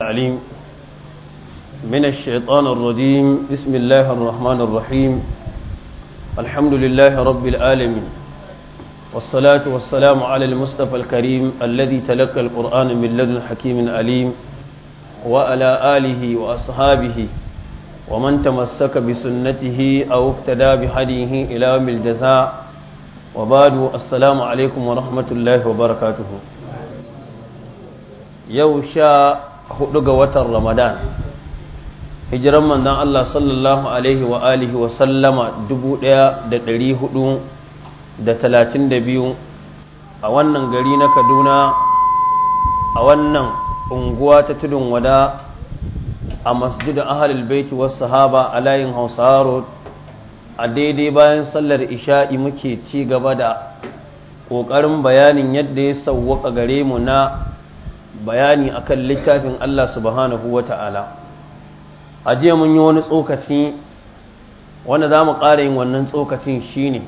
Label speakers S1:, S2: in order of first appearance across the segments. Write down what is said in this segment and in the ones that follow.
S1: العليم من الشيطان الرجيم بسم الله الرحمن الرحيم الحمد لله رب العالمين والصلاة والسلام على المصطفى الكريم الذي تلقى القرآن من لدن حكيم عليم وعلى آله وأصحابه ومن تمسك بسنته أو افتدى بهديه إلى يوم الجزاء وبعد السلام عليكم ورحمة الله وبركاته يوشا hudu ga watan ramadan hijiran manzon Allah sallallahu alaihi wa alihi wa sallama biyu a wannan gari na Kaduna a wannan unguwa ta tudun wada a masjidin ahalil baiti wasu sahaba a layin Hausa road a daidai bayan sallar isha'i muke ci gaba da ƙoƙarin bayanin yadda ya sauwaka gare mu na bayani akan littafin Allah subhanahu wa ta'ala a jiya mun yi wani tsokaci wanda za mu ƙara yin wannan tsokacin shine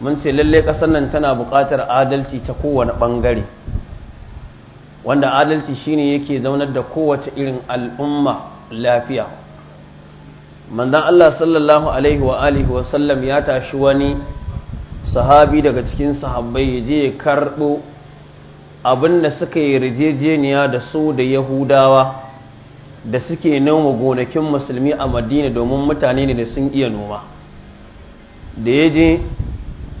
S1: mun ce lalle ƙasar nan tana buƙatar adalci ta kowane ɓangare wanda adalci shine yake zaunar da kowace irin al'umma lafiya manzon Allah sallallahu alaihi wa alihi wa sallam ya tashi wani sahabi daga cikin sahabbai ya je ya karɓo abinda suka yi rijejeniya da su da yahudawa da suke noma gonakin musulmi a madina domin mutane ne da sun iya noma da ya je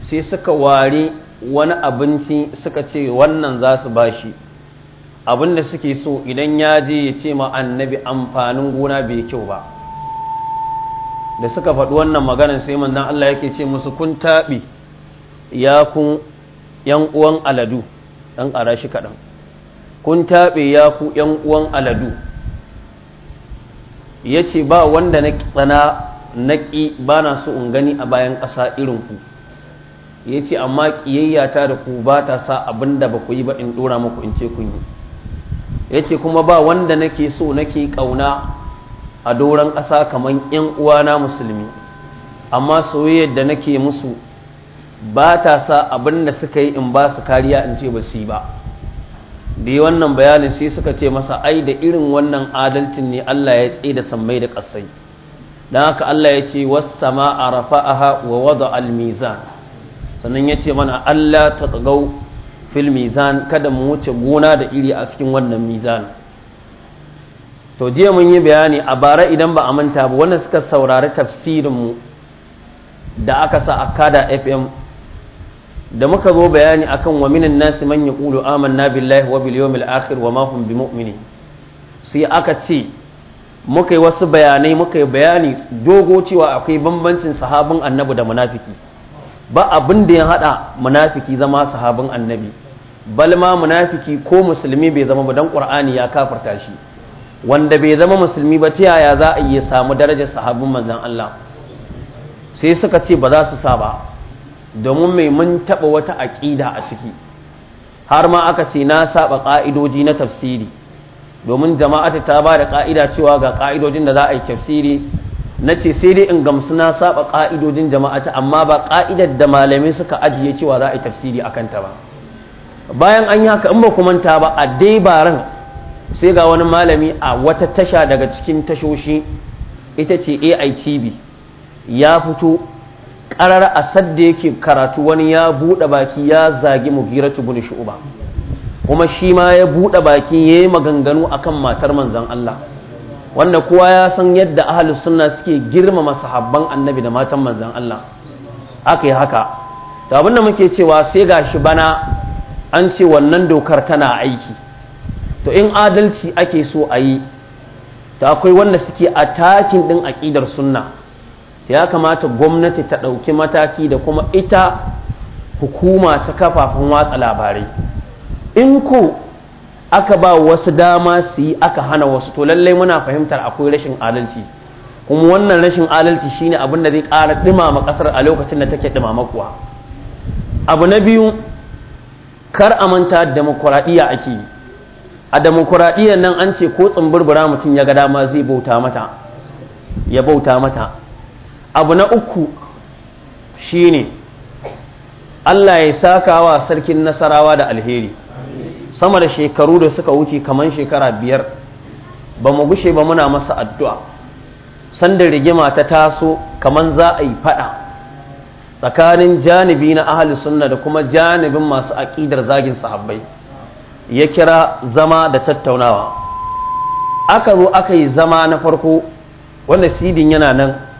S1: sai suka wari wani abinci suka ce wannan za su bashi abinda suke so idan ya je ya ce ma annabi amfanin gona bai kyau ba da suka faɗi wannan maganar sai manzon Allah yake ce musu kun taɓi ya kun yan uwan aladu ɗan ƙara shi kaɗan kun taɓe ya ku ‘yan uwan aladu ya ce ba wanda na tsana na ƙi ba na so in gani a bayan ƙasa irin ku ya ce amma ƙiyayyata da ku ba ta sa abin da ba ku yi ba in ɗora muku in ce kun yi ya ce kuma ba wanda nake so nake ƙauna a doron ƙasa kamar ‘yan uwana musulmi amma soyayyar da nake musu ba ta sa abin da suka yi in ba su kariya in ce ba su yi ba da yi wannan bayanin sai suka ce masa ai da irin wannan adalcin ne Allah ya tsaye da sammai da ƙasai don haka Allah ya ce wasa a rafa rafa'aha wa wada almizan sannan ya ce mana Allah ta tsagau fil mizan kada mu wuce gona da iri a cikin wannan mizan to jiya mun yi bayani a bara idan ba a manta ba wanda suka saurari tafsirinmu da aka sa a kada fm da muka zo bayani akan wa minan nasi man yaqulu amanna billahi wa bil yawmil akhir wa ma hum bimu'mini sai aka ce muka yi wasu bayanai muka yi bayani dogo cewa akwai bambancin sahabin annabi da munafiki ba abin da ya hada munafiki zama sahabin annabi balma munafiki ko musulmi bai zama ba dan qur'ani ya kafarta shi wanda bai zama musulmi ba ta yaya za a iya samu darajar sahabin manzon Allah sai suka ce ba za su sa ba domin mai mun taɓa wata aƙida a ciki har ma aka ce na saba ƙa'idoji na tafsiri domin jama'ata ta ba da ƙa'ida cewa ga ƙa'idojin da za a yi tafsiri na ce sai dai in gamsu na saba ƙa'idojin jama'ata amma ba ƙa'idar da malamai suka ajiye cewa za a yi tafsiri a kanta ba bayan an yi haka in ba manta ba a dai baran sai ga wani malami a wata tasha daga cikin tashoshi ita ce aitb ya fito ƙarar asad da yake karatu wani ya buɗe baki ya zagi mu mugiratu bin shu'ba kuma shi ma ya buɗe baki ya yi maganganu akan matar manzan Allah wanda kowa ya san yadda ahal sunna suke girmama sahabban annabi da matan manzan Allah aka yi haka da abinda muke cewa sai gashi bana an ce wannan dokar tana aiki to in adalci ake so a yi ta akwai wanda suke a takin ɗin aƙidar sunna ya kamata gwamnati ta ɗauki mataki da kuma ita hukuma ta kafafen watsa labarai in ko aka ba wasu dama su yi aka hana wasu to lallai muna fahimtar akwai rashin adalci kuma wannan rashin adalci shine abin da zai ƙara ɗumama ƙasar a lokacin da take ɗumama kuwa abu na biyu kar a manta demokuraɗiyya ake yi a demokuraɗiyyar nan an ce ko bura mutum ya ga dama zai bauta mata abu na uku shine Allah ya sakawa sarkin nasarawa da alheri sama da shekaru da suka wuce kamar shekara biyar ba mu gushe ba muna masa addu'a sanda rigima ta taso kamar za a yi fada tsakanin janibi na ahli sunna da kuma janibin masu aƙidar zagin sahabbai ya kira zama da tattaunawa aka zo aka yi zama na farko wanda sidin yana nan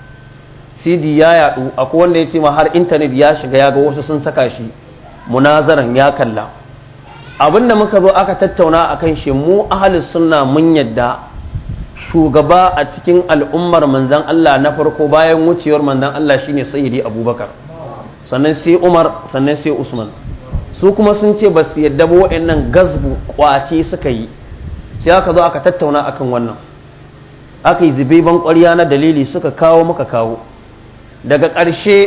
S1: cd ya yadu akwai wanda ya ce ma har intanet ya shiga ya ga wasu sun saka shi munazaran ya kalla abin da muka zo aka tattauna a kan shi mu ahalis sunna mun yadda shugaba a cikin al'ummar manzan Allah na farko bayan wucewar manzan Allah shine sayyidi abubakar sannan sai umar sannan sai usman su kuma sun ce ba su yadda ba waɗannan gazbu kwace suka yi sai aka zo aka tattauna akan wannan aka yi zibeban ƙwarya na dalili suka kawo muka kawo daga ƙarshe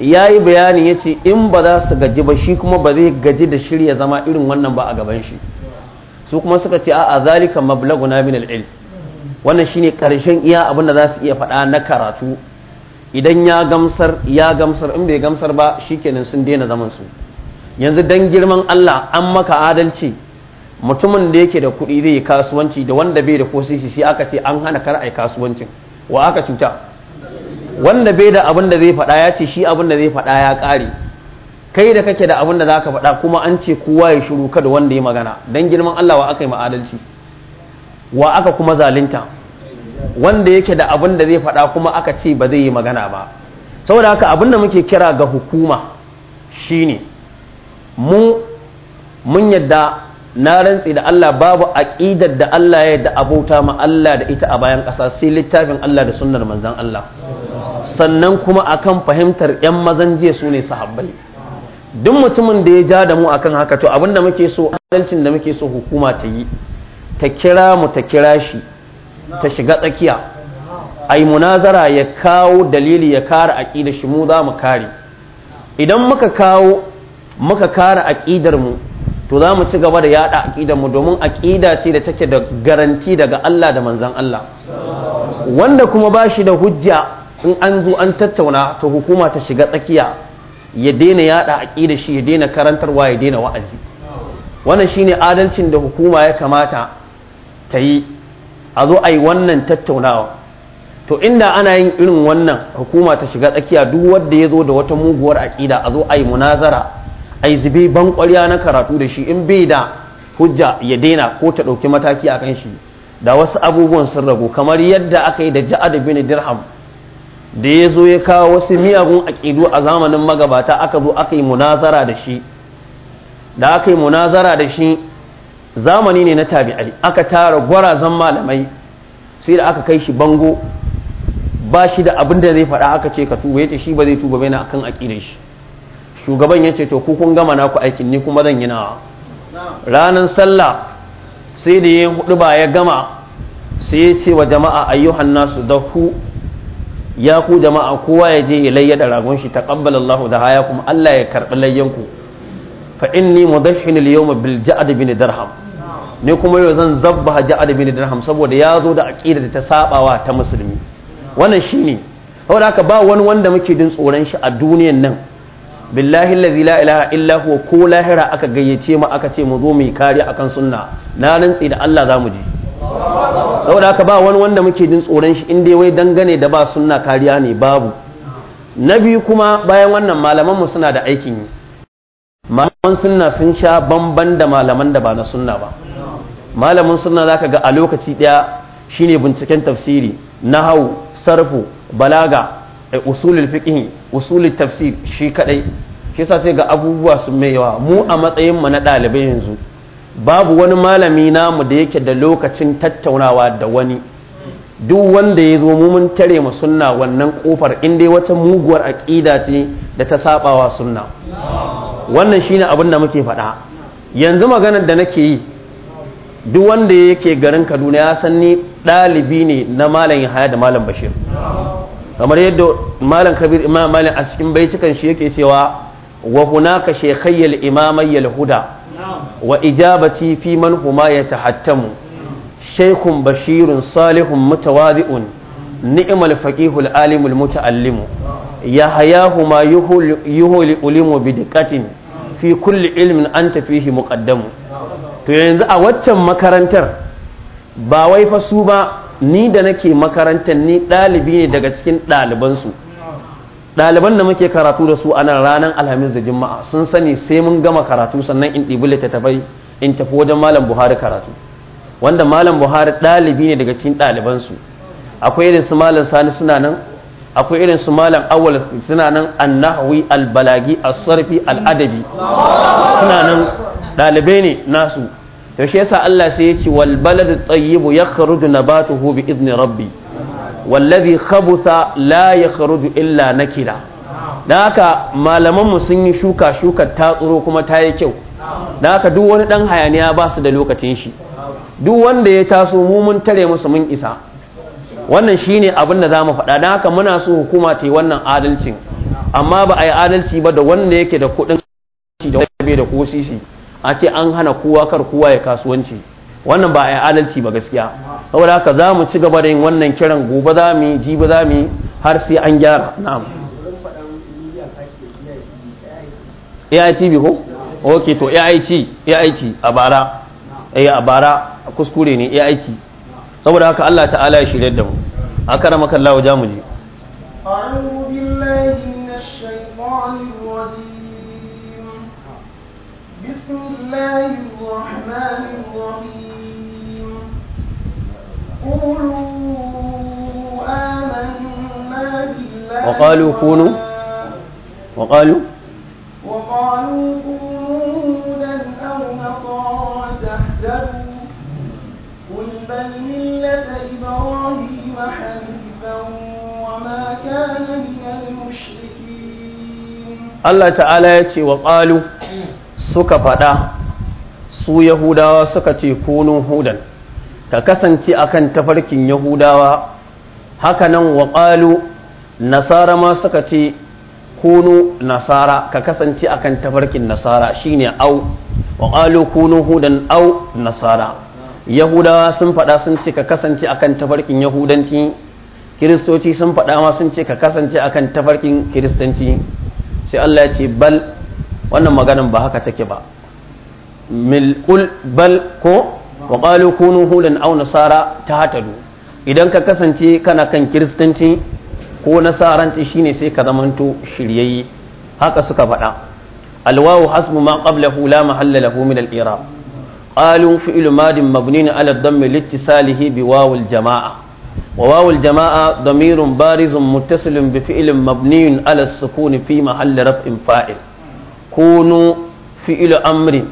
S1: ya yi bayani ya ce in ba za su gaji ba shi kuma ba zai gaji da shirya zama irin wannan ba a gaban shi su kuma suka ce a'a zalika mablaguna min al wannan shine ƙarshen iya abin da za su iya faɗa na karatu idan ya gamsar ya gamsar in bai gamsar ba shikenan sun daina zaman su yanzu dan girman Allah an maka adalci mutumin da yake da kuɗi zai yi kasuwanci da wanda bai da ko shi aka ce an hana kar ai kasuwancin wa aka cuta wanda bai da abin da zai faɗa ya ce shi abin da zai faɗa ya ƙare kai da kake da abin da za ka faɗa kuma an ce kowa ya shiru kada wanda ya magana don girman Allah wa aka yi ma'adalci wa aka kuma zalunta wanda yake da abin da zai faɗa kuma aka ce ba zai yi magana ba saboda haka abin da muke kira ga hukuma shine mu mun yadda na rantsi da Allah babu aƙidar da Allah ya da abota ma Allah da ita a bayan ƙasa sai littafin Allah da sunnar manzon Allah sannan kuma akan fahimtar 'yan mazan jiya su ne sahabbai duk mutumin da ya ja da mu akan haka to abinda muke so adalcin da muke so hukuma ta yi ta kira mu ta kira shi ta shiga tsakiya ai munazara ya kawo dalili ya kare aƙidar shi mu za mu kare idan muka kawo muka kare aƙidar mu to za mu ci gaba da yada aƙidar mu domin aƙida ce da take da garanti daga Allah da manzan Allah wanda kuma ba shi da hujja in an zo an tattauna to hukuma ta shiga tsakiya ya daina yada aqida shi ya daina karantarwa ya daina wa'azi wannan shine adalcin da hukuma ya kamata ta yi a zo ai wannan tattaunawa to inda ana yin irin wannan hukuma ta shiga tsakiya duk wanda ya zo da wata muguwar aqida a zo ai munazara ai zube ban ƙwarya na karatu da shi in bai da hujja ya daina ko ta dauki mataki akan shi da wasu abubuwan sun ragu kamar yadda aka yi da ja'ad bin dirham da ya zo ya kawo wasu miyagun aƙidu a zamanin magabata aka zo aka yi munazara da shi da aka yi munazara da shi zamani ne na tabi'ai aka tara gwarazan malamai sai da aka kai shi bango ba shi da abin da zai faɗa aka ce ka tuba ce shi ba zai tuba na akan aƙidar shi shugaban ya ce to ku kun gama naku aikin ni kuma zan yi nawa ranar sallah sai da ya hudu ba ya gama sai ya ce wa jama'a ayyuhan nasu dahu ya ku jama'a kowa ya je ilayya da ragon shi taqabbal Allah da haya kuma Allah ya karbi layyanku fa inni mudahhin al yawm bil ja'd bin dirham ne kuma yau zan zabba ja'd bin dirham saboda ya zo da aqida da ta sabawa ta musulmi wannan shine saboda haka ba wani wanda muke din tsoron shi a duniyan nan billahi allazi la ilaha illa huwa ko lahira aka gayyace mu aka ce mu zo mu yi kariya akan sunna na rantsi da Allah za mu je saboda haka ba wani wanda muke jin tsoron shi inda wai dangane da ba sunna kariya ne babu na biyu kuma bayan wannan malaman mu suna da aikin yi malaman sunna sun sha bamban da malaman da ba na sunna ba malamin sunna zaka ga a lokaci daya shine binciken tafsiri nahau sarfu balaga eh, usulul fiqh usulul tafsir shi kadai shi sa sai ga abubuwa sun mai yawa mu a matsayin mu na ɗalibai yanzu babu wani malami namu da yake da lokacin tattaunawa da wani duk wanda ya zo mun tare mu sunna wannan kofar in wata muguwar aƙida ce da ta sabawa sunna wannan shine abin da muke faɗa yanzu maganar da nake yi duk wanda yake garin Kaduna ya san ni ɗalibi ne na malam Yahaya da malam Bashir kamar yadda malam Kabir Imam Malik a cikin baitukan shi yake cewa wa hunaka shaykhayya al huda wa ijabati fi man huma yatahattamu shaykhun bashirun salihun mutawadi'un ni'mal faqihul alimul muta'allimu ya hayahu ma yuhul ulimu bidiqatin fi kulli ilmin anta fihi muqaddamu to yanzu a waccan makarantar ba wai fa su ba ni da nake makarantar ni dalibi ne daga cikin ɗalibansu ɗaliban da muke karatu da su a nan ranar alhamis da juma'a sun sani sai mun gama karatu sannan in ɗibi littattafai in tafi wajen malam buhari karatu wanda malam buhari ɗalibi ne daga cikin ɗalibansu akwai irin su malam sani suna nan akwai irin su malam awal suna nan annahwi albalagi as-sarfi al-adabi suna nan ɗalibai ne nasu to shi yasa Allah sai ya ce wal baladu tayyibu yakhruju nabatuhu bi idni rabbi wallazi khabutha la yakhruju illa nakira dan haka malaman mu sun yi shuka shukar ta tsuro kuma ta yi kyau dan haka duk wani dan hayaniya ba su da lokacin shi duk wanda ya taso mu mun tare musu mun isa wannan shine abin da zamu faɗa dan haka muna so hukuma ta yi wannan adalcin amma ba a yi adalci ba da wanda yake da kuɗin da bai da ko sisi a ce an hana kowa kar kowa ya kasuwanci wannan ba a adalci ba gaskiya saboda haka za mu ci gaba da yin wannan kiran gobe za mu yi jibi za mu har sai an gyara na'am AIT ko? ok to AIT AIT a bara eh a bara kuskure ne AIT saboda haka Allah ta'ala ya shirye da mu a kara maka Allah wajen mu je
S2: بسم الله الرحمن الرحيم قولوا آمنا بالله وقالوا كونوا وقالوا وقالوا كونوا هودا أو نصارى تهتدوا قل بل ملة إبراهيم حنيفا وما كان من المشركين
S1: الله تعالى يتي وقالوا سكفتا su Yahudawa suka ce kunun hudan ka kasance a kan tafarkin yahudawa hakanan wa ƙalu nasara ma suka ce kunu nasara ka kasance a kan tafarkin nasara shine au wa ƙalu kunu hudan au nasara yahudawa sun faɗa sun ce ka kasance a kan tafarkin yahudanci kiristoci sun faɗa ma sun ce ka kasance a kan tafarkin kiristanci sai Allah ya ce bal wannan maganin ba haka take ba milkul bal ko wa qalu kunu hudan aw nasara hatadu idan ka kasance kana kan kiristanci ko nasaranci shine sai ka zamanto shiryayye haka suka faɗa alwawu hasbu ma qablahu la mahalla lahu min al-i'rab qalu fi'lu madin mabnin ala ad-dammi liittisalihi bi wawu jamaa wa wawu al-jama'a damirun barizun muttasilun bi fi'lin mabniyin ala as-sukuni fi mahalli raf'in fa'il kunu fi'lu amrin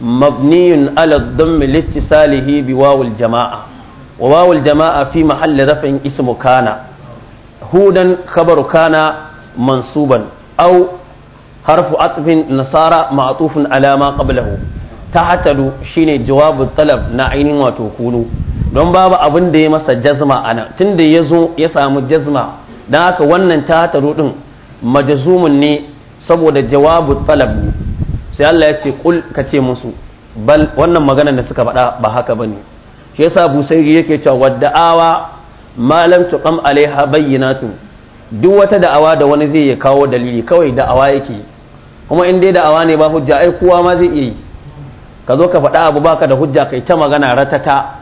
S1: مبني على الضم لاتصاله بواو الجماعة وواو الجماعة في محل رفع اسم كان هودا خبر كان منصوبا أو حرف عطف نصارى معطوف على ما قبله تعتد شين جواب الطلب نعين وتكون don babu abin da ya masa jazma ana tun da ya zo ya samu jazma don haka wannan ta taru din majazumun ne saboda jawabu talab sai Allah ya ce kul ka ce musu bal wannan magana da suka faɗa ba haka bane shi yasa busairi yake cewa wadda'awa malam tuqam alaiha tu duk wata da'awa da wani zai ya kawo dalili kawai da'awa yake kuma in dai da'awa ne ba hujja ai kowa ma zai iya yi ka zo ka faɗa abu baka da hujja kai ta magana ratata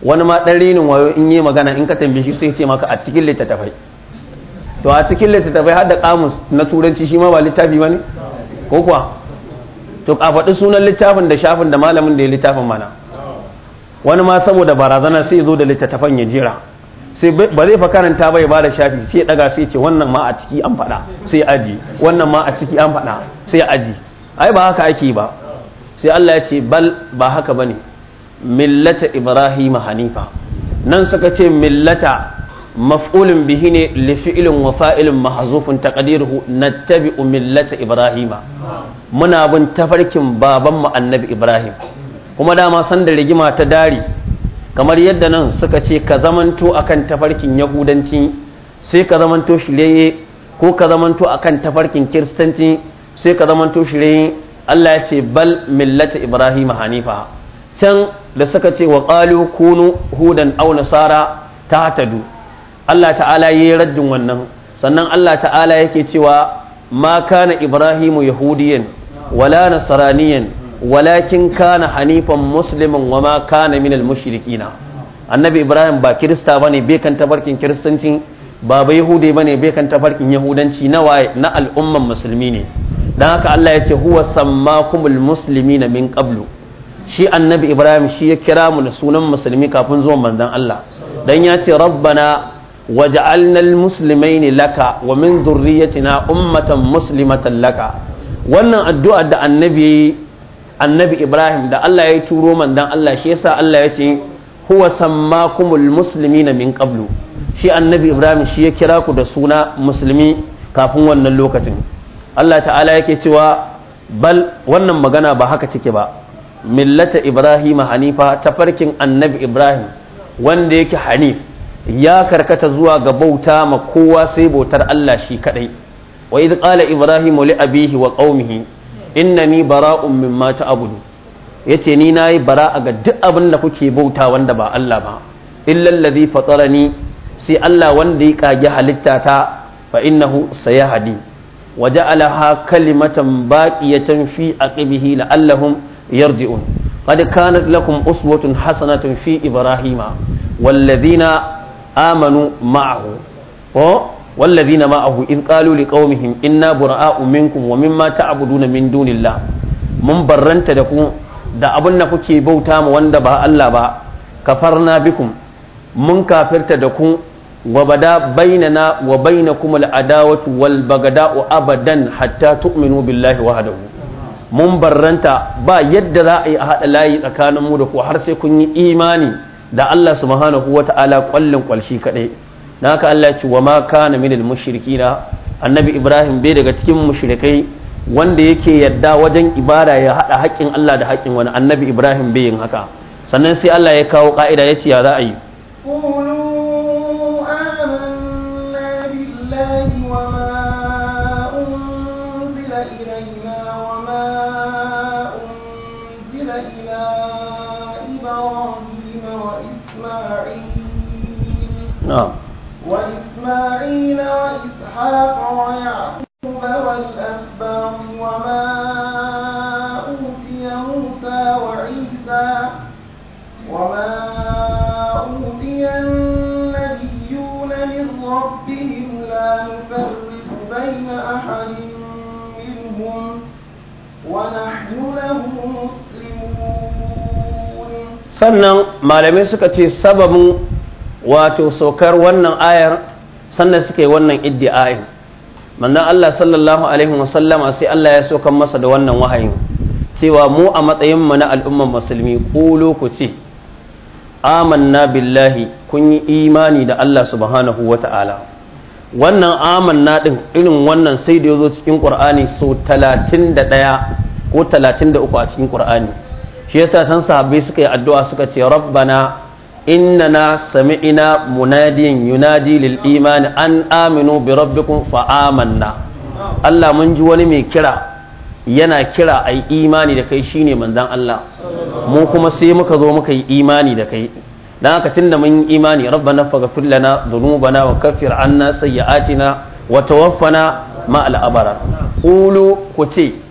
S1: wani ma ɗan rinin wayo in yi magana in ka tambaye shi sai ce maka a cikin littattafai to a cikin littattafai har da kamus na turanci shi ma ba littafi ba ne ko kuwa to ka faɗi sunan littafin da shafin da malamin da ya littafin mana wani ma saboda barazana sai zo da littattafan ya jira sai ba zai fa karanta bai ba da shafi sai daga sai ce wannan ma a ciki an faɗa sai aji wannan ma a ciki an faɗa sai aji ai ba haka ake ba sai Allah ya ce bal ba haka bane millata ibrahima hanifa nan suka ce millata mafulin bihi ne li fi'lin wa fa'ilin mahzufun taqdiruhu nattabi'u millata ibrahima muna bin tafarkin babanmu annabi ibrahim kuma dama san da rigima ta dari kamar yadda nan suka ce ka zamanto akan tafarkin yahudanci sai ka zamanto shirye ko ka zamanto akan tafarkin kiristanci sai ka zamanto shirye Allah ya ce bal millata ibrahima hanifa can da suka ce wa qalu kunu hudan aw nasara tahtadu Allah ta'ala ya yi raddin wannan sannan Allah ta'ala yake cewa ma kana ibrahimu yahudiyan wala nasraniyan walakin kana hanifan musliman wa ma kana minal mushrikina annabi ibrahim ba kirista bane bai kan tabarkin kiristanci ba bai yahude bane bai kan tabarkin yahudanci na waye na al'umman musulmi ne dan haka Allah ya ce huwa sammakumul muslimina min qablu shi annabi ibrahim shi ya kira mu da sunan musulmi kafin zuwan manzon Allah dan ya ce rabbana وجعلنا المسلمين لك ومن ذريتنا أمة مسلمة لك wannan addu'a da annabi annabi Ibrahim da Allah ya turo mandan Allah shi yasa Allah ya ce huwa sammakumul muslimina min qablu shi annabi Ibrahim shi ya kira ku da suna musulmi kafin wannan lokacin Allah ta'ala yake cewa bal wannan magana ba haka take ba millata Ibrahim hanifa tafarkin annabi Ibrahim wanda yake hanif ya karkata zuwa ga bauta ma kowa sai bautar Allah shi kadai wa idh qala Ibrahim li abihi wa qaumihi innani bara'un mimma ta'budu yace ni nayi bara'a ga duk abin da kuke bauta wanda ba Allah ba illa allazi fatarani sai Allah wanda ya kage halitta ta fa innahu sayahdi wa ja'alaha kalimatan baqiyatan fi aqibihi la'allahum yarji'un qad kanat lakum uswatun hasanatun fi ibrahima والذين amanu ma'ahu ko والذين معه إذ قالوا لقومهم إنا براء منكم ومما تعبدون من دون min من mun دكو da ku da kuke bauta ma wanda ba Allah ba kafarna bikum mun kafirta da ku wa bada bainana wa bainakum al'adawatu wal bagada'u abadan hatta tu'minu billahi wahdahu mun barranta ba yadda za a yi a hada layi tsakanin mu da ku har sai kun yi imani da Allah subhanahu wata'ala kwallon kwalshi kaɗai na naka Allah ya ce wa ma kana minal mushrikina annabi Ibrahim bai daga cikin mushrikai wanda yake yadda wajen ibada ya hada haƙƙin Allah da haƙƙin wani annabi Ibrahim bai yin haka sannan sai Allah ya kawo ka'ida ya ce ya za a yi نعم
S2: وإسماعيل وإسحاق ويعقوب والأسباط وما أوتي موسى وعيسى وما أوتي النبيون من ربهم لا نفرق بين أحد منهم ونحن له مسلمون
S1: سنن malamai suka ce wato saukar wannan ayar sannan suka wannan iddi iddi'ayin manzon Allah sallallahu alaihi wa sallama sai Allah ya sauka masa da wannan wahayin cewa mu a matsayin mu na al'umman musulmi ƙulo ku ce amanna billahi kun yi imani da Allah subhanahu wa ta'ala wannan amanna ɗin irin wannan sai da ya zo cikin qur'ani so talatin da ɗaya ko talatin da uku a cikin qur'ani shi yasa san sahabbai suka yi addu'a suka ce rabbana na innana sami'ina munadiyan yunadi lil imani an aminu bi rabbikum fa amanna Allah mun ji wani mai kira yana kira ai imani da kai shine manzon Allah mu kuma sai muka zo muka yi imani da kai dan haka tunda mun yi imani rabbana faghfir lana dhunubana wa kaffir anna sayyi'atina wa tawaffana ma al abara ku ce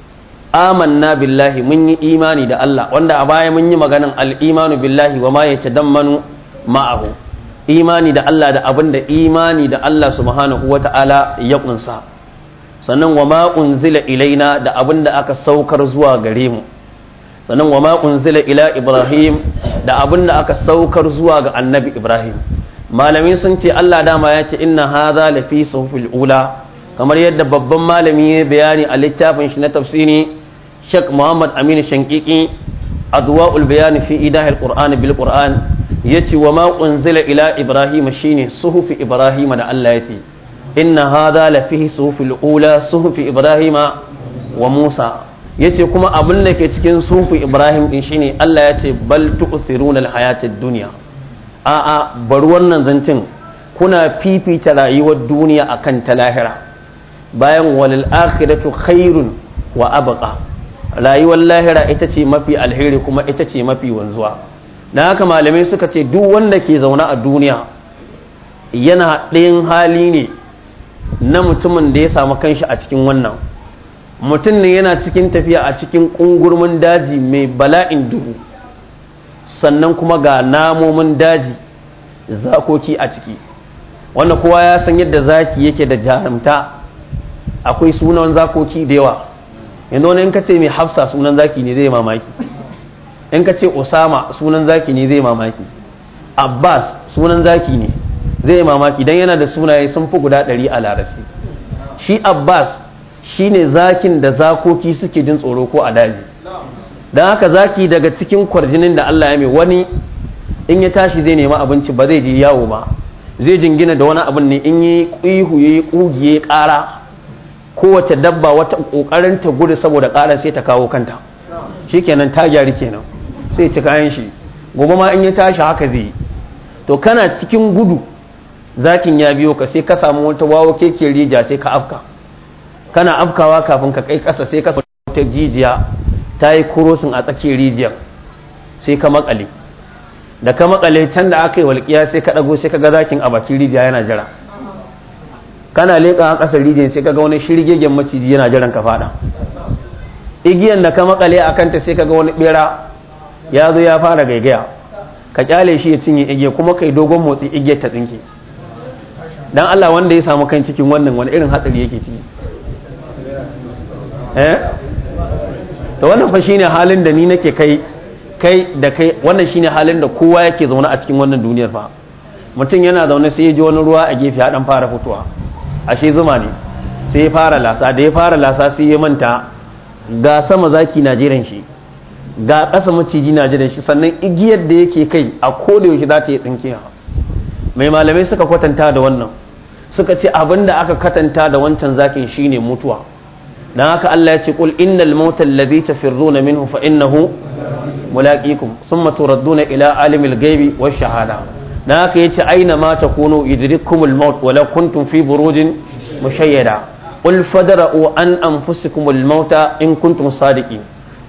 S1: amanna billahi mun yi imani da Allah wanda a baya mun yi maganin al-imanu billahi wa ma yatadammanu ma'ahu imani da Allah da abin da imani da Allah subhanahu wata'ala ya kunsa sannan wa ma unzila ilaina da abin da aka saukar zuwa gare mu sannan wa ma unzila ila ibrahim da abin da aka saukar zuwa ga annabi ibrahim malami sun ce Allah dama ya ce inna hadha lafi suhufil ula kamar yadda babban malami ya bayani a littafin shi na tafsiri Sheikh Muhammad Aminu Shankiki Adwa'ul Bayan fi Idahil Qur'an bil Qur'an yace wa ma ila ibrahima shine suhufi Ibrahima da Allah yace inna hadha la fihi suhufil ula suhufi Ibrahima wa Musa yace kuma abin da ke cikin suhufi Ibrahim din shine Allah yace bal tu'siruna al hayatid dunya a a bar wannan zancin kuna fifita rayuwar duniya akan ta lahira bayan walil akhiratu khairun wa abqa rayuwar lahira ita ce mafi alheri kuma ita ce mafi wanzuwa don haka malamai suka ce duk wanda ke zaune a duniya yana ɗayan hali ne na mutumin da ya samu kanshi a cikin wannan mutum ne yana cikin tafiya a cikin ƙungurmin daji mai bala'in duhu sannan kuma ga namomin daji zakoki a ciki wanda kowa ya san yadda zaki yake da jarumta akwai sunan zakoki da yawa yanzu wani in ka ce mai hafsa sunan zaki ne zai mamaki in ka ce osama sunan zaki ne zai mamaki abbas sunan zaki ne zai mamaki don yana da sunaye sun fi guda ɗari a larabci shi abbas shi ne zakin da zakoki suke jin tsoro ko a daji don haka zaki daga cikin kwarjinin da allah ya mai wani in ya tashi zai nemi abinci ba zai je yawo ba zai jingina da wani abin ne in yi ihu ya yi ƙugiye ƙara kowace dabba wata kokarin ta gudu saboda ƙara sai ta kawo kanta shikenan ta gyari kenan sai ci kayan shi gobe ma in ya tashi haka zai yi to kana cikin gudu zakin ya biyo ka sai ka samu wata wawo keke rija sai ka afka kana afkawa kafin ka kai ƙasa sai ka wata jijiya ta yi kurosin a tsakiyar rijiyar sai ka makale da ka makale can da aka yi walƙiya sai ka ɗago sai ka ga zakin a bakin rijiya yana jira kana leƙa a ƙasar rijiyar sai ga wani shirgegen maciji yana jiran ka faɗa igiyan da ka makale a kanta sai ga wani ɓera ya zo ya fara gaigaya ka kyale shi ya cinye igiya kuma kai dogon motsi igiyar ta tsinke dan Allah wanda ya samu kan cikin wannan wani irin hatsari yake ciki eh wannan fa shine halin da ni nake kai kai da kai wannan shine halin da kowa yake zaune a cikin wannan duniyar fa mutum yana zaune sai ya ji wani ruwa a gefe ya fara fitowa ashe zuma ne sai ya fara lasa da ya fara lasa sai ya manta ga sama zaki na jiran shi ga ƙasa maciji na jiran shi sannan igiyar da yake kai a koda yaushe za ta yi tsinkiya mai malamai suka kwatanta da wannan suka ce abin da aka katanta da wancan zakin shine mutuwa dan haka Allah ya ce qul innal mautal ladhi tafirruna minhu fa innahu mulaqikum thumma turadduna ila alimil gaibi wash shahada da haka ci aina ma takunu idrikumul maut wala kuntum fi burujin mushayyada qul fadra'u an anfusikumul mauta in kuntum sadiqin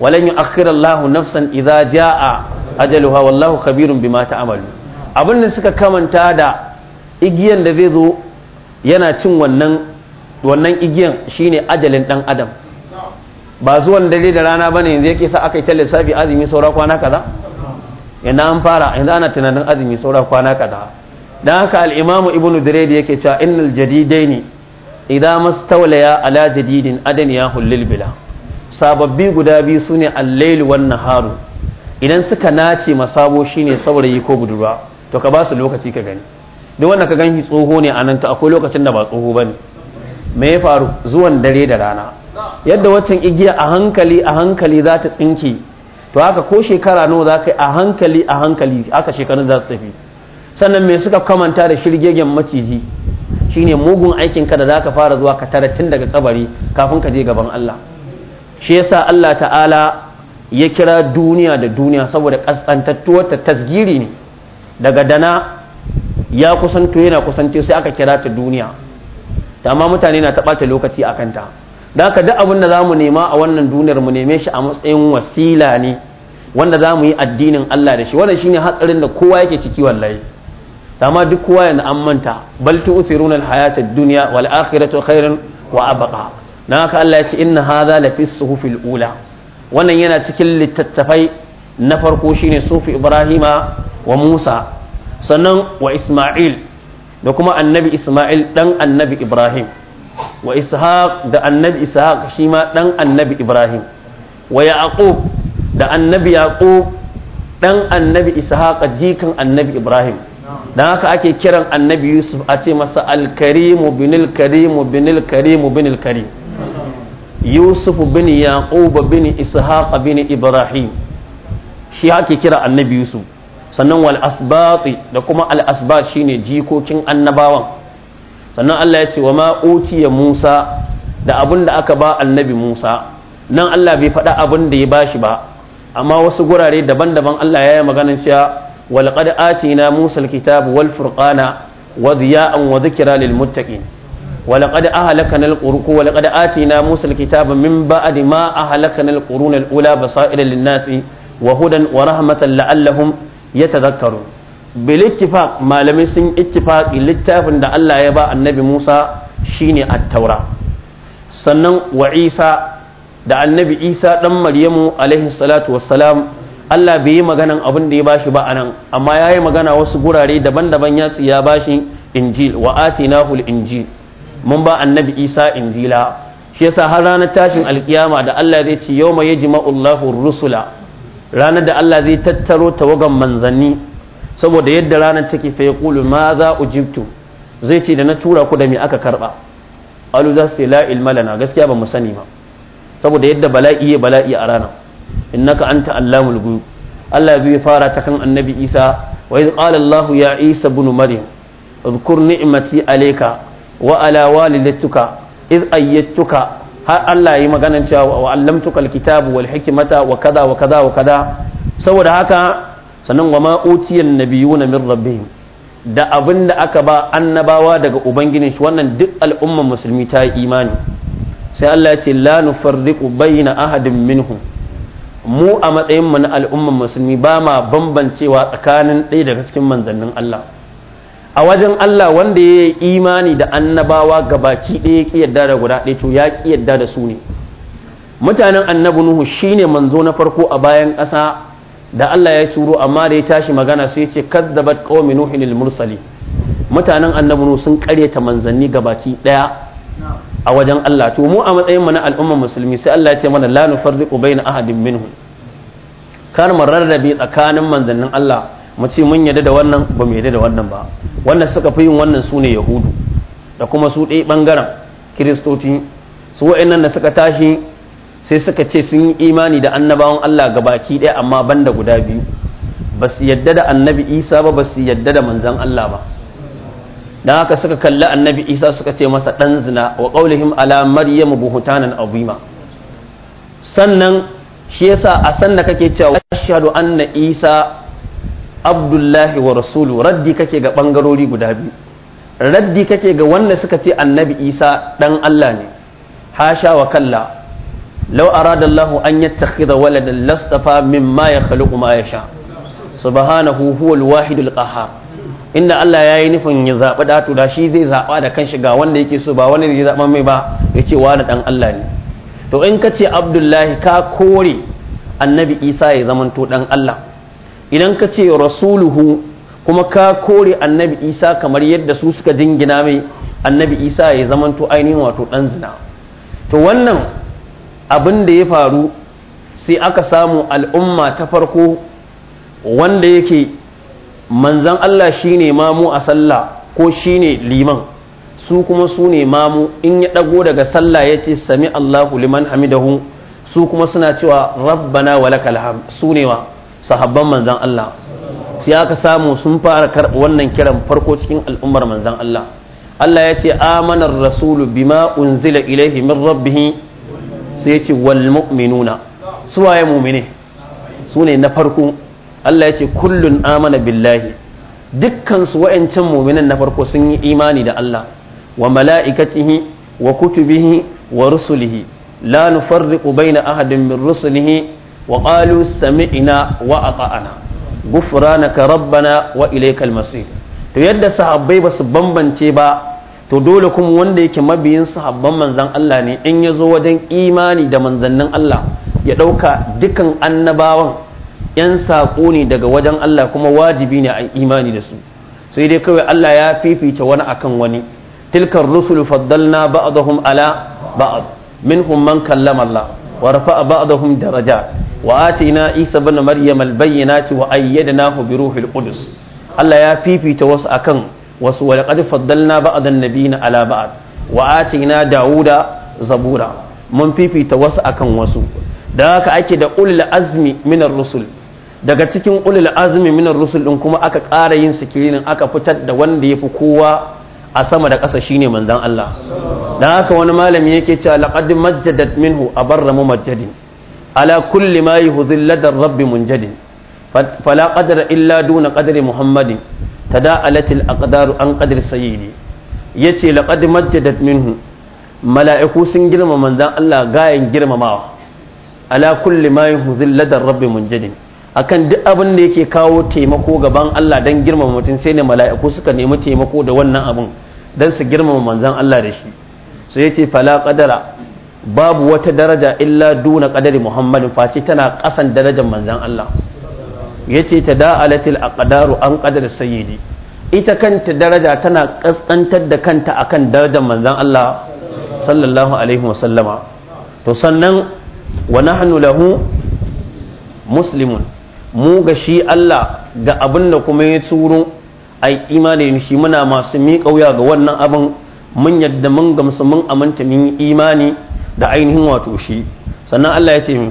S1: walan yu'akhkhira Allahu nafsan idza jaa ajaluha wallahu khabirun bima ta'malu abin da suka kamanta da igiyan da zai zo yana cin wannan wannan igiyan shine ajalin dan adam ba zuwan dare da rana bane yanzu yake sa aka yi tallafi azumi saura kwana kaza yana an fara yanzu ana tunanin azumi saura kwana kada dan haka al-imamu ibnu diraydi yake cewa innal jadidaini idza mastawlaya ala jadidin adan ya hulil bila sababbi guda biyu sune al lail wan naharu idan suka nace masabo shine saurayi ko budurwa to ka ba su lokaci ka gani duk wanda ka ganki tsoho ne anan ta akwai lokacin da ba tsoho bane me ya faru zuwan dare da rana yadda waccan igiya a hankali a hankali za ta tsinke to haka ko shekara nawa za ka yi a hankali a hankali aka shekaru za su tafi sannan me suka kamanta da shirgegen maciji shine mugun aikin ka da za ka fara zuwa ka tara tun daga tsabari kafin ka je gaban Allah shi yasa Allah ta'ala ya kira duniya da duniya saboda kaskantattuwar ta tasgiri ne daga dana ya kusanto yana kusanto sai aka kira ta duniya ta amma mutane na taɓata lokaci a kanta da ka duk abin da za mu nema a wannan duniyar mu neme shi a matsayin wasila ne wanda za mu yi addinin Allah da shi wannan shine hatsarin da kowa yake ciki wallahi amma duk kowa yana an manta bal tu'thiruna al-hayata dunya wal akhiratu khairun wa abqa dan haka Allah ya ce inna hadha la fi suhufil ula wannan yana cikin littattafai na farko shine sufi Ibrahima wa Musa sannan wa Isma'il da kuma annabi Isma'il dan annabi Ibrahim wa ishaq da annabi ishaq shi ma dan annabi ibrahim wa yaqub da annabi yaqub dan annabi ishaq jikan annabi ibrahim dan haka ake kiran annabi yusuf a ce masa alkarimu binil karimu binil karimu binil karim yusuf bin yaqub bin ishaq bin ibrahim shi ake kira annabi yusuf sannan wal asbati da kuma al asbat shine jikokin annabawan sannan Allah ya ce wa ma ya Musa da abin da aka ba annabi Musa nan Allah bai faɗa abin da ya bashi ba amma wasu gurare daban-daban Allah ya yi maganin cewa wal atina Musa al-kitab wal furqana wa diya'an wa dhikra lil muttaqin wa laqad al-qurun wa atina Musa al min ba'di ma ahlakana al-qurun al-ula basaira lin-nasi wa hudan wa rahmatan la'allahum yatadhakkarun bil ittifaq malamai sun ittifaqi littafin da Allah ya ba annabi Musa shine at-taura sannan wa Isa da annabi Isa dan Maryamu alaihi salatu wassalam Allah bai yi maganan abin da ya bashi ba anan amma ya yi magana wasu gurare daban-daban ya siya bashi injil wa atinahul injil mun ba annabi Isa injila shi yasa har ranar tashin alkiyama da Allah zai ce yawma yajma'u Allahu rusula ranar da Allah zai tattaro tawagan manzanni saboda yadda ranar take fa yaqulu ma za ujibtu zai ce da na tura ku da me aka karba alu za su ce la ilma lana gaskiya ba mu sani ba saboda yadda bala'i ya bala'i a rana innaka anta allamul ghuyub Allah bai fara ta kan annabi Isa wa iz qala Allah ya Isa ibn Maryam اذكر نعمتي عليك وعلى والدتك iz ayyattuka har Allah yi maganan cewa wa allamtuka alkitabu wal hikimata wa kada wa kada wa kada saboda haka sannan wa na na na min rabbihim da abin da aka ba annabawa daga ubangijin shi wannan duk al'ummar musulmi ta yi imani sai Allah ya ce la nufarriqu bayna ahadin minhu mu a matsayin mu na al'ummar musulmi ba ma bambancewa tsakanin ɗaya daga cikin manzannin Allah a wajen Allah wanda ya yi imani da annabawa gabaki ɗaya ki yadda da guda ɗaya to ya ki yadda da su ne mutanen annabi nuhu shine manzo na farko a bayan ƙasa da Allah ya turo amma da ya tashi magana sai ce kaddabat qaumi nuhin lil mursali mutanen annabi sun karyata manzanni gabaki daya a wajen Allah to mu a matsayin mu na al'ummar musulmi sai Allah ya ce mana la nufarriqu baina ahadin minhum kar mu rarrabe tsakanin manzannin Allah mu ce mun yadda da wannan ba mu yadda da wannan ba Wannan suka fi yin wannan sune yahudu da kuma su ɗaya bangaren kiristoci su wa'annan da suka tashi sai suka ce sun yi imani da annabawan Allah ga baki ɗaya amma banda guda biyu ba su yadda da annabi isa ba ba su yadda da manzan Allah ba don haka suka kalli annabi isa suka ce masa ɗan zina wa ƙaulihim ala maryam buhutanan abima sannan shi yasa a sanda kake cewa ashhadu anna isa abdullahi wa rasulu raddi kake ga bangarori guda biyu raddi kake ga wanda suka ce annabi isa ɗan Allah ne hasha wa kalla law arada Allah an yattakhidha waladan lastafa mimma yakhluqu ma sha. subhanahu huwal wahidul qahhar inda Allah ya yi nufin ya zabi da shi zai zaɓa da kanshi ga wanda yake so ba wani zai zaba mai ba ya cewa da dan Allah ne to in ka ce Abdullahi ka kore annabi Isa ya zamanto dan Allah idan ka ce rasuluhu kuma ka kore annabi Isa kamar yadda su suka jingina mai annabi Isa ya zamanto ainihin wato ɗan zina to wannan abin da ya faru sai aka samu al'umma ta farko wanda yake manzan Allah shi ne mamu a sallah ko shi ne liman su kuma su ne mamu in ya ɗago daga sallah ya ce sami Allahu liman hamidahu su kuma suna cewa rabbana walakal ham su ne wa sahabban manzan Allah sai aka samu sun fara karɓi wannan kiran farko cikin al'ummar manzan Allah Allah ya ce amanar rasulu bima unzila ilaihi min rabbihi sai ya ce suwaye mu'mine su ne na farko Allah ya ce kullun amana billahi dukkansu wa'ancan mu'minan na farko sun yi imani da Allah wa mala'ikacihi wa kutubihi wa rusulihi la nufarriqu baina ahadin min rusulihi wa qalu sami'na wa ata'ana ghufranaka rabbana wa ilaykal masir to yadda sahabbai basu bambance ba to dole kuma wanda yake mabiyin sahabban manzan Allah ne in ya zo wajen imani da manzannin Allah ya ɗauka dukan annabawan 'yan saƙo ne daga wajen Allah kuma wajibi ne a imani da su sai dai kawai Allah ya fifita wani akan wani tilkar rusul faddalna ba'dahum ala ba'd minhum man kallama Allah wa rafa'a ba'dahum daraja wa atina Isa ibn Maryam al-bayyinati wa ayyadnahu bi ruhil qudus Allah ya fifita wasu akan wasu wa laqad faddalna ba'dan nabiyina na ba'd wa na dawuda zabura mun fifita wasu akan wasu da haka ake da ulul azmi minar rusul daga cikin ulil azmi minar rusul din kuma aka ƙara yin sikirinin aka fitar da wanda ya fi kowa a sama da ƙasa shine manzon Allah Da haka wani malami yake cewa laqad majjadat minhu abarra mumajjadin ala kulli ma yuhzilladar rabbi munjadin fala qadara illa duna qadri muhammadin alatil aqdaru an qadri sayyidi yace laqad majjadat minhu mala'iku sun girma manzan Allah gayan girmamawa ala kulli ma yuhzil ladar rabbi munjadin akan duk abin da yake kawo taimako gaban Allah dan girmama mutum sai ne mala'iku suka nemi taimako da wannan abun dan su girmama manzan Allah da shi sai yace fala qadara babu wata daraja illa duna qadari muhammadin face tana kasan darajar manzan Allah yace ta a aqdaru an qadar sayidi ita kanta daraja tana kaskantar da kanta akan darajar manzon Allah sallallahu alaihi wasallama to sannan wa nahnu lahu muslimun mu ga shi Allah ga abin da kuma ya a ai imani shi muna masu miƙa wuya ga wannan abin mun yadda mun gamsu mun aminta mun imani da ainihin wato shi sannan Allah ya ce mu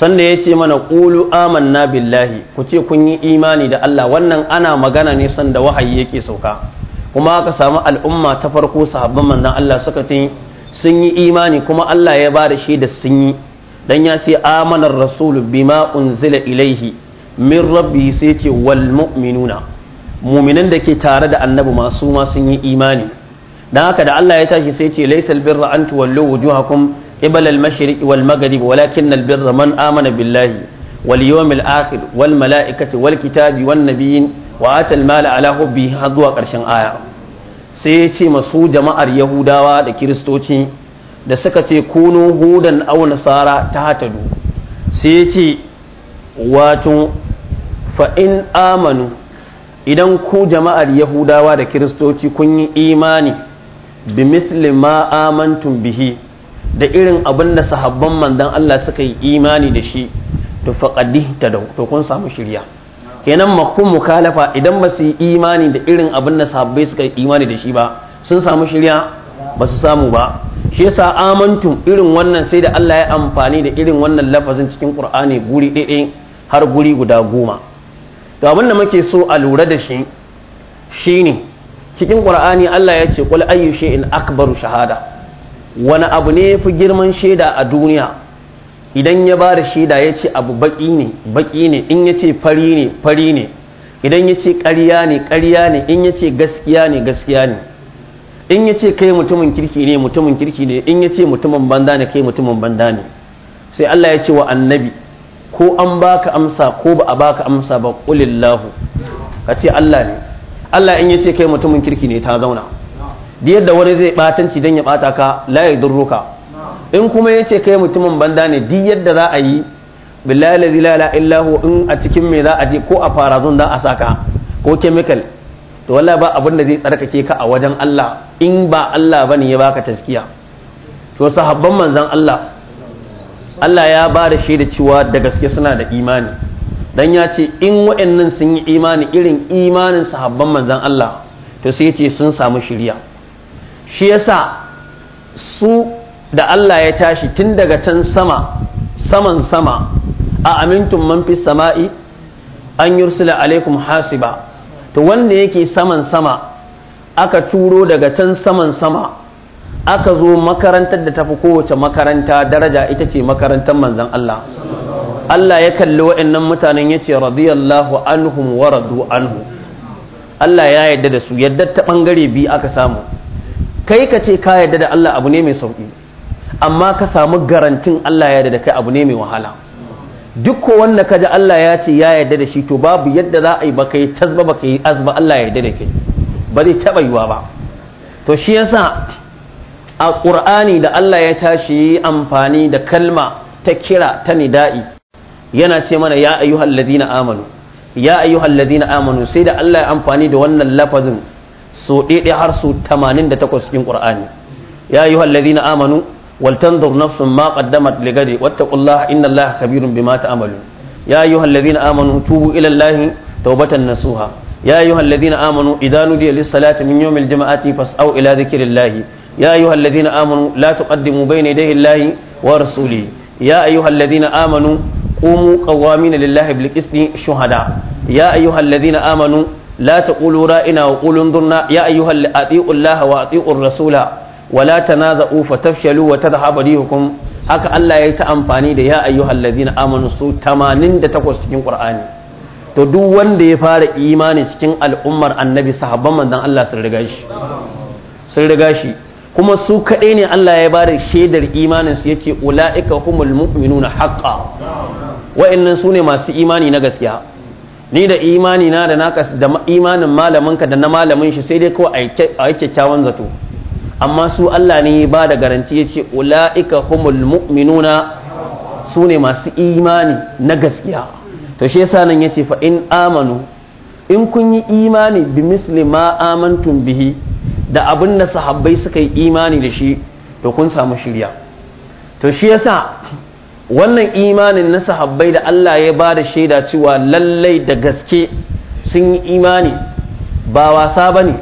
S1: sanda ya ce mana ƙulu amanna billahi ku ce kun yi imani da Allah wannan ana magana ne sanda wahayi yake sauka kuma aka samu al'umma ta farko sahabban manzon Allah suka ce sun yi imani kuma Allah ya bada shi da sun yi dan ya ce amanar rasulu bima unzila ilaihi min rabbi sai ce wal mu'minuna mu'minan da ke tare da annabi masu ma sun yi imani dan haka da Allah ya tashi sai ce laysal birra an tuwallu wujuhakum qibala al-mashriq wal maghrib walakin al-birra man amana billahi wal yawmil akhir wal mala'ikati wal kitabi wan nabiyyin wa atal mala ala hubbi har zuwa karshen aya sai ya ce masu jama'ar yahudawa da kiristoci da suka ce kunu hudan aw nasara ta hatadu sai ya ce wato fa in amanu idan ku jama'ar yahudawa da kiristoci kun yi imani bimisli ma amantum bihi da irin abin da sahabban mandan Allah suka yi imani da shi to faqadi ta da to kun samu shirya kenan makum mukalafa idan ba su yi imani da irin abin da sahabbai suka yi imani da shi ba sun samu shirya ba su samu ba shi yasa amantum irin wannan sai da Allah ya amfani da irin wannan lafazin cikin Qur'ani guri ɗaya har guri guda goma to abinda muke so a lura da shi shine cikin ƙur'ani Allah ya ce qul ayyu shay'in akbaru shahada wani abu ne fi girman shaida a duniya idan ya ba da shaida ya ce abu baki ne baki ne in ya ce fari ne fari ne idan ya ce ƙarya ne ƙarya ne in ya ce gaskiya ne gaskiya ne in ya ce kai mutumin kirki ne mutumin kirki ne in ya ce mutumin banda ne kai mutumin banda ne sai Allah ya ce wa annabi ko an baka amsa ko ba a baka amsa ba kulillahu ka ce Allah ne Allah in yace kai mutumin kirki ne ta zauna da yadda wani zai batanci dan ya bata ka don roka, in kuma yace kai mutumin banda ne duk yadda za a yi billahi la ilaha illahu in a cikin me za a je ko a fara farazon da a sa ka ko chemical to wallahi ba abin da zai tsarkake ka a wajen Allah in ba Allah ba ne ya baka taskiya to sahabban manzon Allah Allah ya ba da shaida cewa da gaske suna da imani dan ya ce in waɗannan sun yi imani irin imanin sahabban manzan Allah to sai ce sun samu shirya shi yasa su da Allah ya tashi tun daga can sama saman sama a amintun man fi sama'i an yursila alaikum hasiba to wanda yake saman sama aka turo daga can saman sama aka zo makarantar da tafi kowace makaranta daraja ita ce makarantar manzan Allah Allah ya kalli waɗannan mutanen ya ce radiyallahu anhum wa radu anhu Allah ya yarda da su yadda ta bangare biyu aka samu kai ka ce ka yarda da Allah abu ne mai sauƙi? amma ka samu garantin Allah ya yarda da kai abu ne mai wahala duk ko wanda ka ji Allah ya ce ya yarda da shi to babu yadda za a yi ba ka yi tasba ba ka yi azba Allah ya yarda da kai ba zai taɓa yiwa ba to shi yasa a ƙur'ani da Allah ya tashi amfani da kalma ta kira ta nida'i yana ce mana ya ayyuhal ladina amanu ya ayyuhal ladina amanu sai da Allah ya amfani da wannan lafazin so ɗaiɗe har so 88 cikin Qur'ani ya ayyuhal ladina amanu wal tanzur nafsun ma qaddamat li gadi wattaqullaha inna Allaha khabirun bima ta'malun ya ayyuhal ladina amanu tubu ila Allahi tawbatan nasuha ya ayyuhal ladina amanu idza nudiya lis salati min yawmil jama'ati fas'au ila dhikrillahi ya ayyuhal ladina amanu la tuqaddimu bayna yadayi Allahi wa rasulihi ya ayyuhal ladina amanu قوموا قوامين لله بالقسط شهداء يا أيها الذين آمنوا لا تقولوا رائنا وقولوا انظرنا يا أيها أطيعوا الله وأطيعوا الرسول ولا تنازعوا فتفشلوا وتذهب ريحكم haka Allah ya yi ta amfani da ya ayyuhal ladzina amanu su 88 cikin Qur'ani to duk wanda ya fara imani cikin al'ummar annabi sahabban manzon Allah sun riga shi sun riga shi kuma su kaɗai ne Allah ya bada shaidar imanin su yace ula'ika humul mu'minuna haqqa wa'annan su ne masu imani na gaskiya ni da imani na da naka da imanin malamin da na malamin shi sai dai kawai a yi kyakkyawan zato amma su Allah ne ya bada garanti yace ula'ika humul mu'minuna su ne masu imani na gaskiya to shi yasa nan yace fa in amanu in kun yi imani bi mislima ma amantum bihi da abin da sahabbai suka yi imani da shi to kun samu shirya to shi yasa wannan imanin na sahabbai da Allah ya ba da shaida cewa lallai da gaske sun yi imani ba wasa ba ne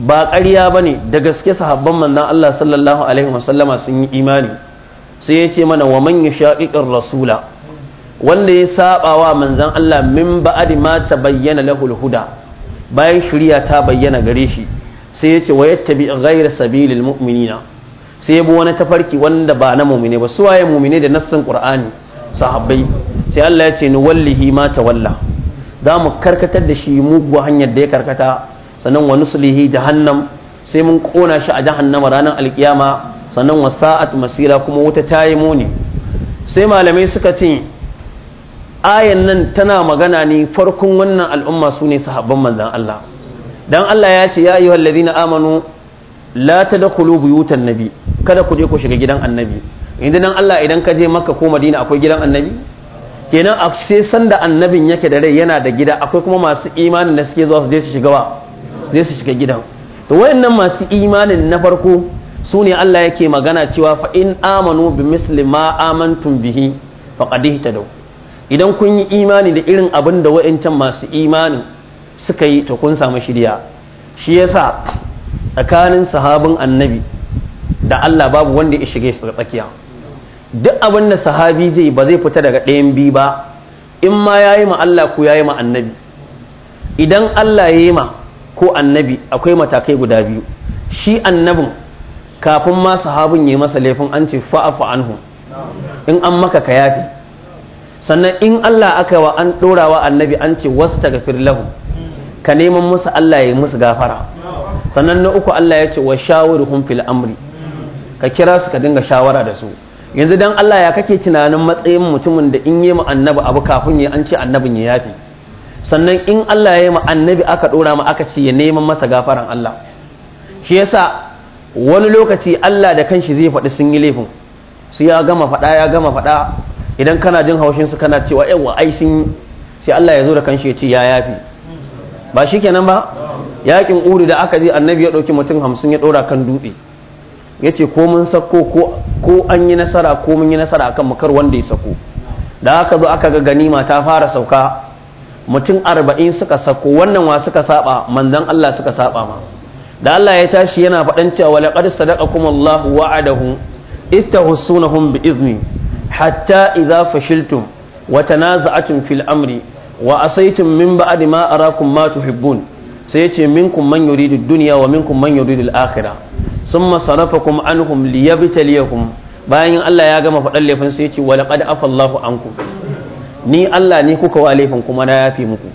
S1: ba ƙarya ba ne da gaske sahabban manzan Allah sallallahu alaihi wasallama sun yi imani sai ya ce mana wa man yashaqiqir rasula wanda ya saba wa manzon Allah min ba'adi ma tabayyana lahul huda bayan shirya ta bayyana gare shi sai ya ce wa yattabi gaira sabilil mu'minina sai ya bi wani tafarki wanda ba na mu'mine ba suwaye mu'mine da nassin qur'ani sahabbai sai Allah ya ce ni wallahi ma tawalla za mu karkatar da shi mugu hanyar da ya karkata sannan wa nuslihi jahannam sai mun kona shi a jahannama ranar alkiyama sannan wa sa'at masira kuma wuta ta yi muni sai malamai suka ce ayan nan tana magana ne farkon wannan al'umma su ne sahabban manzan Allah dan Allah ya ce ya ayyuhal ladina amanu la tadkhulu buyutan nabi kada ku je ku shiga gidan annabi inda nan Allah idan ka je Makka ko Madina akwai gidan annabi kenan a sai sanda annabin yake da rai yana da gida akwai kuma masu imanin da suke zuwa su je su shiga ba zai su shiga gidan to wayannan masu imanin na farko su ne Allah yake magana cewa fa in amanu bi misli ma amantum bihi faqad ihtadaw idan kun yi imani da irin abin da wayancan masu imanin suka yi to kun samu shirya shi yasa tsakanin sahabin annabi da Allah babu wanda ya shige tsakiya duk abin da sahabi zai ba zai fita daga ɗayan biyu ba in ma yayi ma Allah ko yayi ma annabi idan Allah yayi ma ko annabi akwai matakai guda biyu shi annabin kafin ma sahabin yi masa laifin an ce fa'afa anhu in an maka ka yafi sannan in Allah aka wa an ɗorawa annabi an ce wasu tagafir lahu ka neman musu Allah ya yi musu gafara sannan na uku Allah ya ce wa shawiruhum fil amri ka kira su ka dinga shawara da su yanzu dan Allah ya kake tunanin matsayin mutumin da in yi mu annabi abu kafin ya an ce annabin ya yafi sannan in Allah ya yi mu annabi aka ɗora ma aka ce ya neman masa gafaran Allah shi yasa wani lokaci Allah da kanshi zai faɗi sun yi laifin su ya gama faɗa ya gama faɗa idan kana jin haushin su kana cewa yawa ai sun sai Allah ya zo da kanshi ya ce ya yafi ba shi kenan ba yakin uri da aka je annabi ya ɗauki mutum hamsin ya ɗora kan dutse ya ce ko mun sako ko an yi nasara ko mun yi nasara akan makar wanda ya sako da aka zo aka ga ganima ta fara sauka mutum arba'in suka sako wannan wa suka saba manzan Allah suka saba ma da Allah ya tashi yana faɗan cewa laqad sadaqakum Allah wa'adahu istahsunahum bi izni hatta idza fashiltum wa tanaza'atum fil amri wa asaitum min ba'di ma arakum ma tuhibbun sai yace minkum man yuridu dunya wa minkum man yuridu al-akhirah thumma sarafakum anhum liyabtaliyakum bayan Allah ya gama faɗan laifin sai yace wa laqad afa Allahu ankum ni Allah ne kuka wa laifin kuma na yafi muku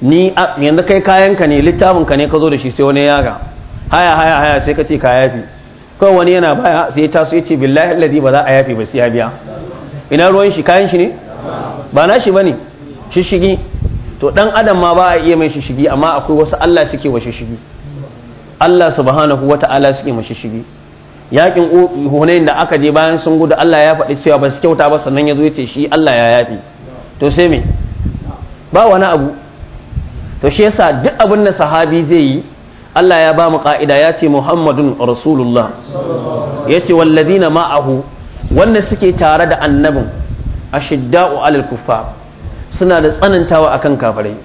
S1: ni yanzu kai kayanka ne ka ne ka zo da shi sai wani ga haya haya haya sai ka ce ka yafi kawai wani yana baya sai ya taso ya billahi alladhi ba za a yafi ba sai ya biya ina ruwan shi kayan shi ne ba na shi bane shishigi to dan adam ma ba a iya mai shishigi amma akwai wasu Allah suke wa shishigi Allah subhanahu ta'ala suke mai shishigi yakin hunayin da aka je bayan sun gudu Allah ya faɗi cewa ba su kyauta ba sannan ya zo ya ce shi Allah ya yafi to sai me ba wani abu to shi yasa duk abin da sahabi zai yi Allah ya ba mu ka'ida ya ce Muhammadun Rasulullah ya ce walladina ma'ahu wanda suke tare da annabin ashidda'u alal kuffar suna da tsanantawa akan kafirai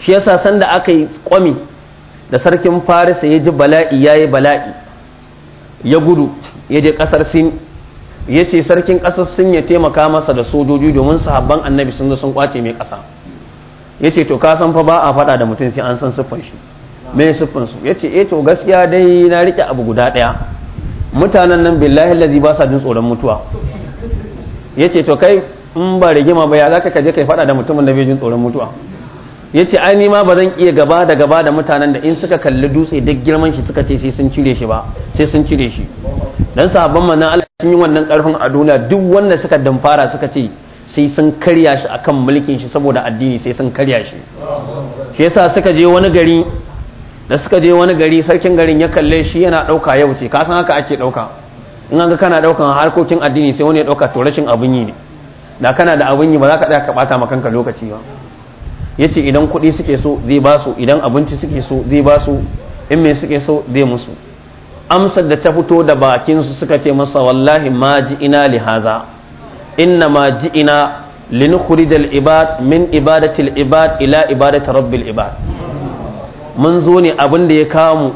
S1: shi yasa sanda aka yi kwami da sarkin farisa ya ji bala'i ya yi bala'i ya gudu ya je ƙasar sin ya ce sarkin ƙasar sin ya taimaka masa da sojoji domin sahabban annabi sun zo sun kwace mai kasa ya ce to ka san fa ba a faɗa da mutum sai an san siffan shi me siffan su ya ce eh to gaskiya dai na riƙe abu guda ɗaya mutanen nan billahi lazi ba sa jin tsoron mutuwa ya ce to kai in ba rigima ba ya zaka kaje kai fada da mutumin da bai jin tsoron mutuwa yace ai ma ba zan iya gaba da gaba da mutanen da in suka kalli dutse duk girman shi suka ce sai sun cire shi ba sai sun cire shi dan sabon manan Allah sun yi wannan karfin a duniya duk wanda suka damfara suka ce sai sun karya shi akan mulkin shi saboda addini sai sun karya shi shi yasa suka je wani gari da suka je wani gari sarkin garin ya kalle shi yana dauka yau ce ka san haka ake dauka in an ga kana daukan harkokin addini sai wani ya dauka to rashin abun yi ne da kana da abin yi ba za ka ɗaya ka ɓata ma kanka lokaci ba ya ce idan kuɗi suke so zai ba su idan abinci suke so zai ba su in me suke so zai musu amsar da ta fito da bakin su suka ce masa wallahi ma ji ina lihaza inna ma ji ina linukhrij ibad min ibadati ibad ila ibadati rabbil ibad mun zo ne abin da ya kawo mu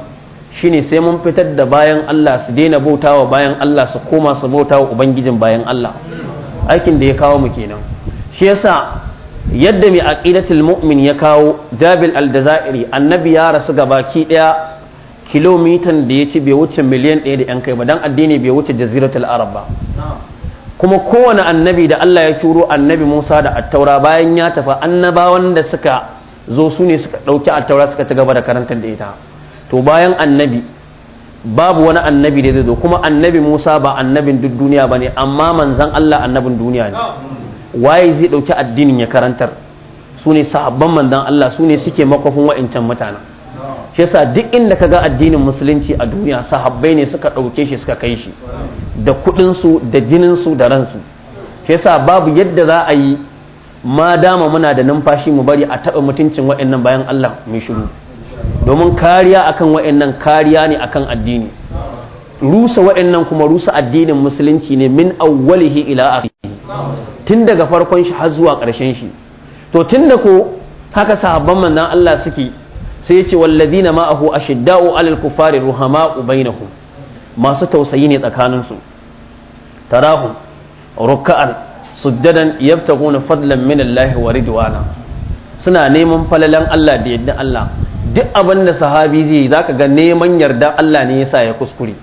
S1: shine sai mun fitar da bayan Allah su daina bautawa bayan Allah su koma su bautawa ubangijin bayan Allah aikin da ya kawo mu kenan shi yasa yadda mai aqidatul mu'min ya kawo jabil al daza'iri annabi ya rasu gaba ki daya kilomitan da ya ci bai wuce miliyan ɗaya da 'yan kai ba don addini bai wuce jaziratul arab ba kuma kowane annabi da Allah ya turo annabi Musa da attaura bayan ya tafi annabawan da suka zo sune ne suka ɗauki attaura suka ci gaba da karantar da ita to bayan annabi babu wani annabi da zai zo kuma annabi Musa ba annabin duk duniya bane amma manzan Allah annabin duniya ne waye zai ɗauki addinin ya karantar su ne sahabban manzon Allah sune suke makofin wa'incan mutanen shi yasa duk inda ka ga addinin musulunci a duniya sahabbai ne suka ɗauke shi suka kai shi da kudin su da jinin su da ransu shi yasa babu yadda za a yi ma dama muna da numfashi mu bari a taɓa mutuncin wa'annan bayan Allah mai shiru domin kariya akan wa'annan kariya ne akan addini rusa wa'annan kuma rusa addinin musulunci ne min awwalihi ila akhirih tun daga farkon shi har zuwa ƙarshen shi to tunda ko haka sahabban manzon Allah suke sai ya ce wallazina ma'ahu ashidda'u 'alal kuffari ruhama'u bainahum masu tausayi ne tsakaninsu tarahu rukka'an sujjadan yabtaguna fadlan min Allah wa ridwana suna neman falalan Allah da yaddan Allah duk abin da sahabi zai yi zaka ga neman yarda Allah ne yasa ya kuskure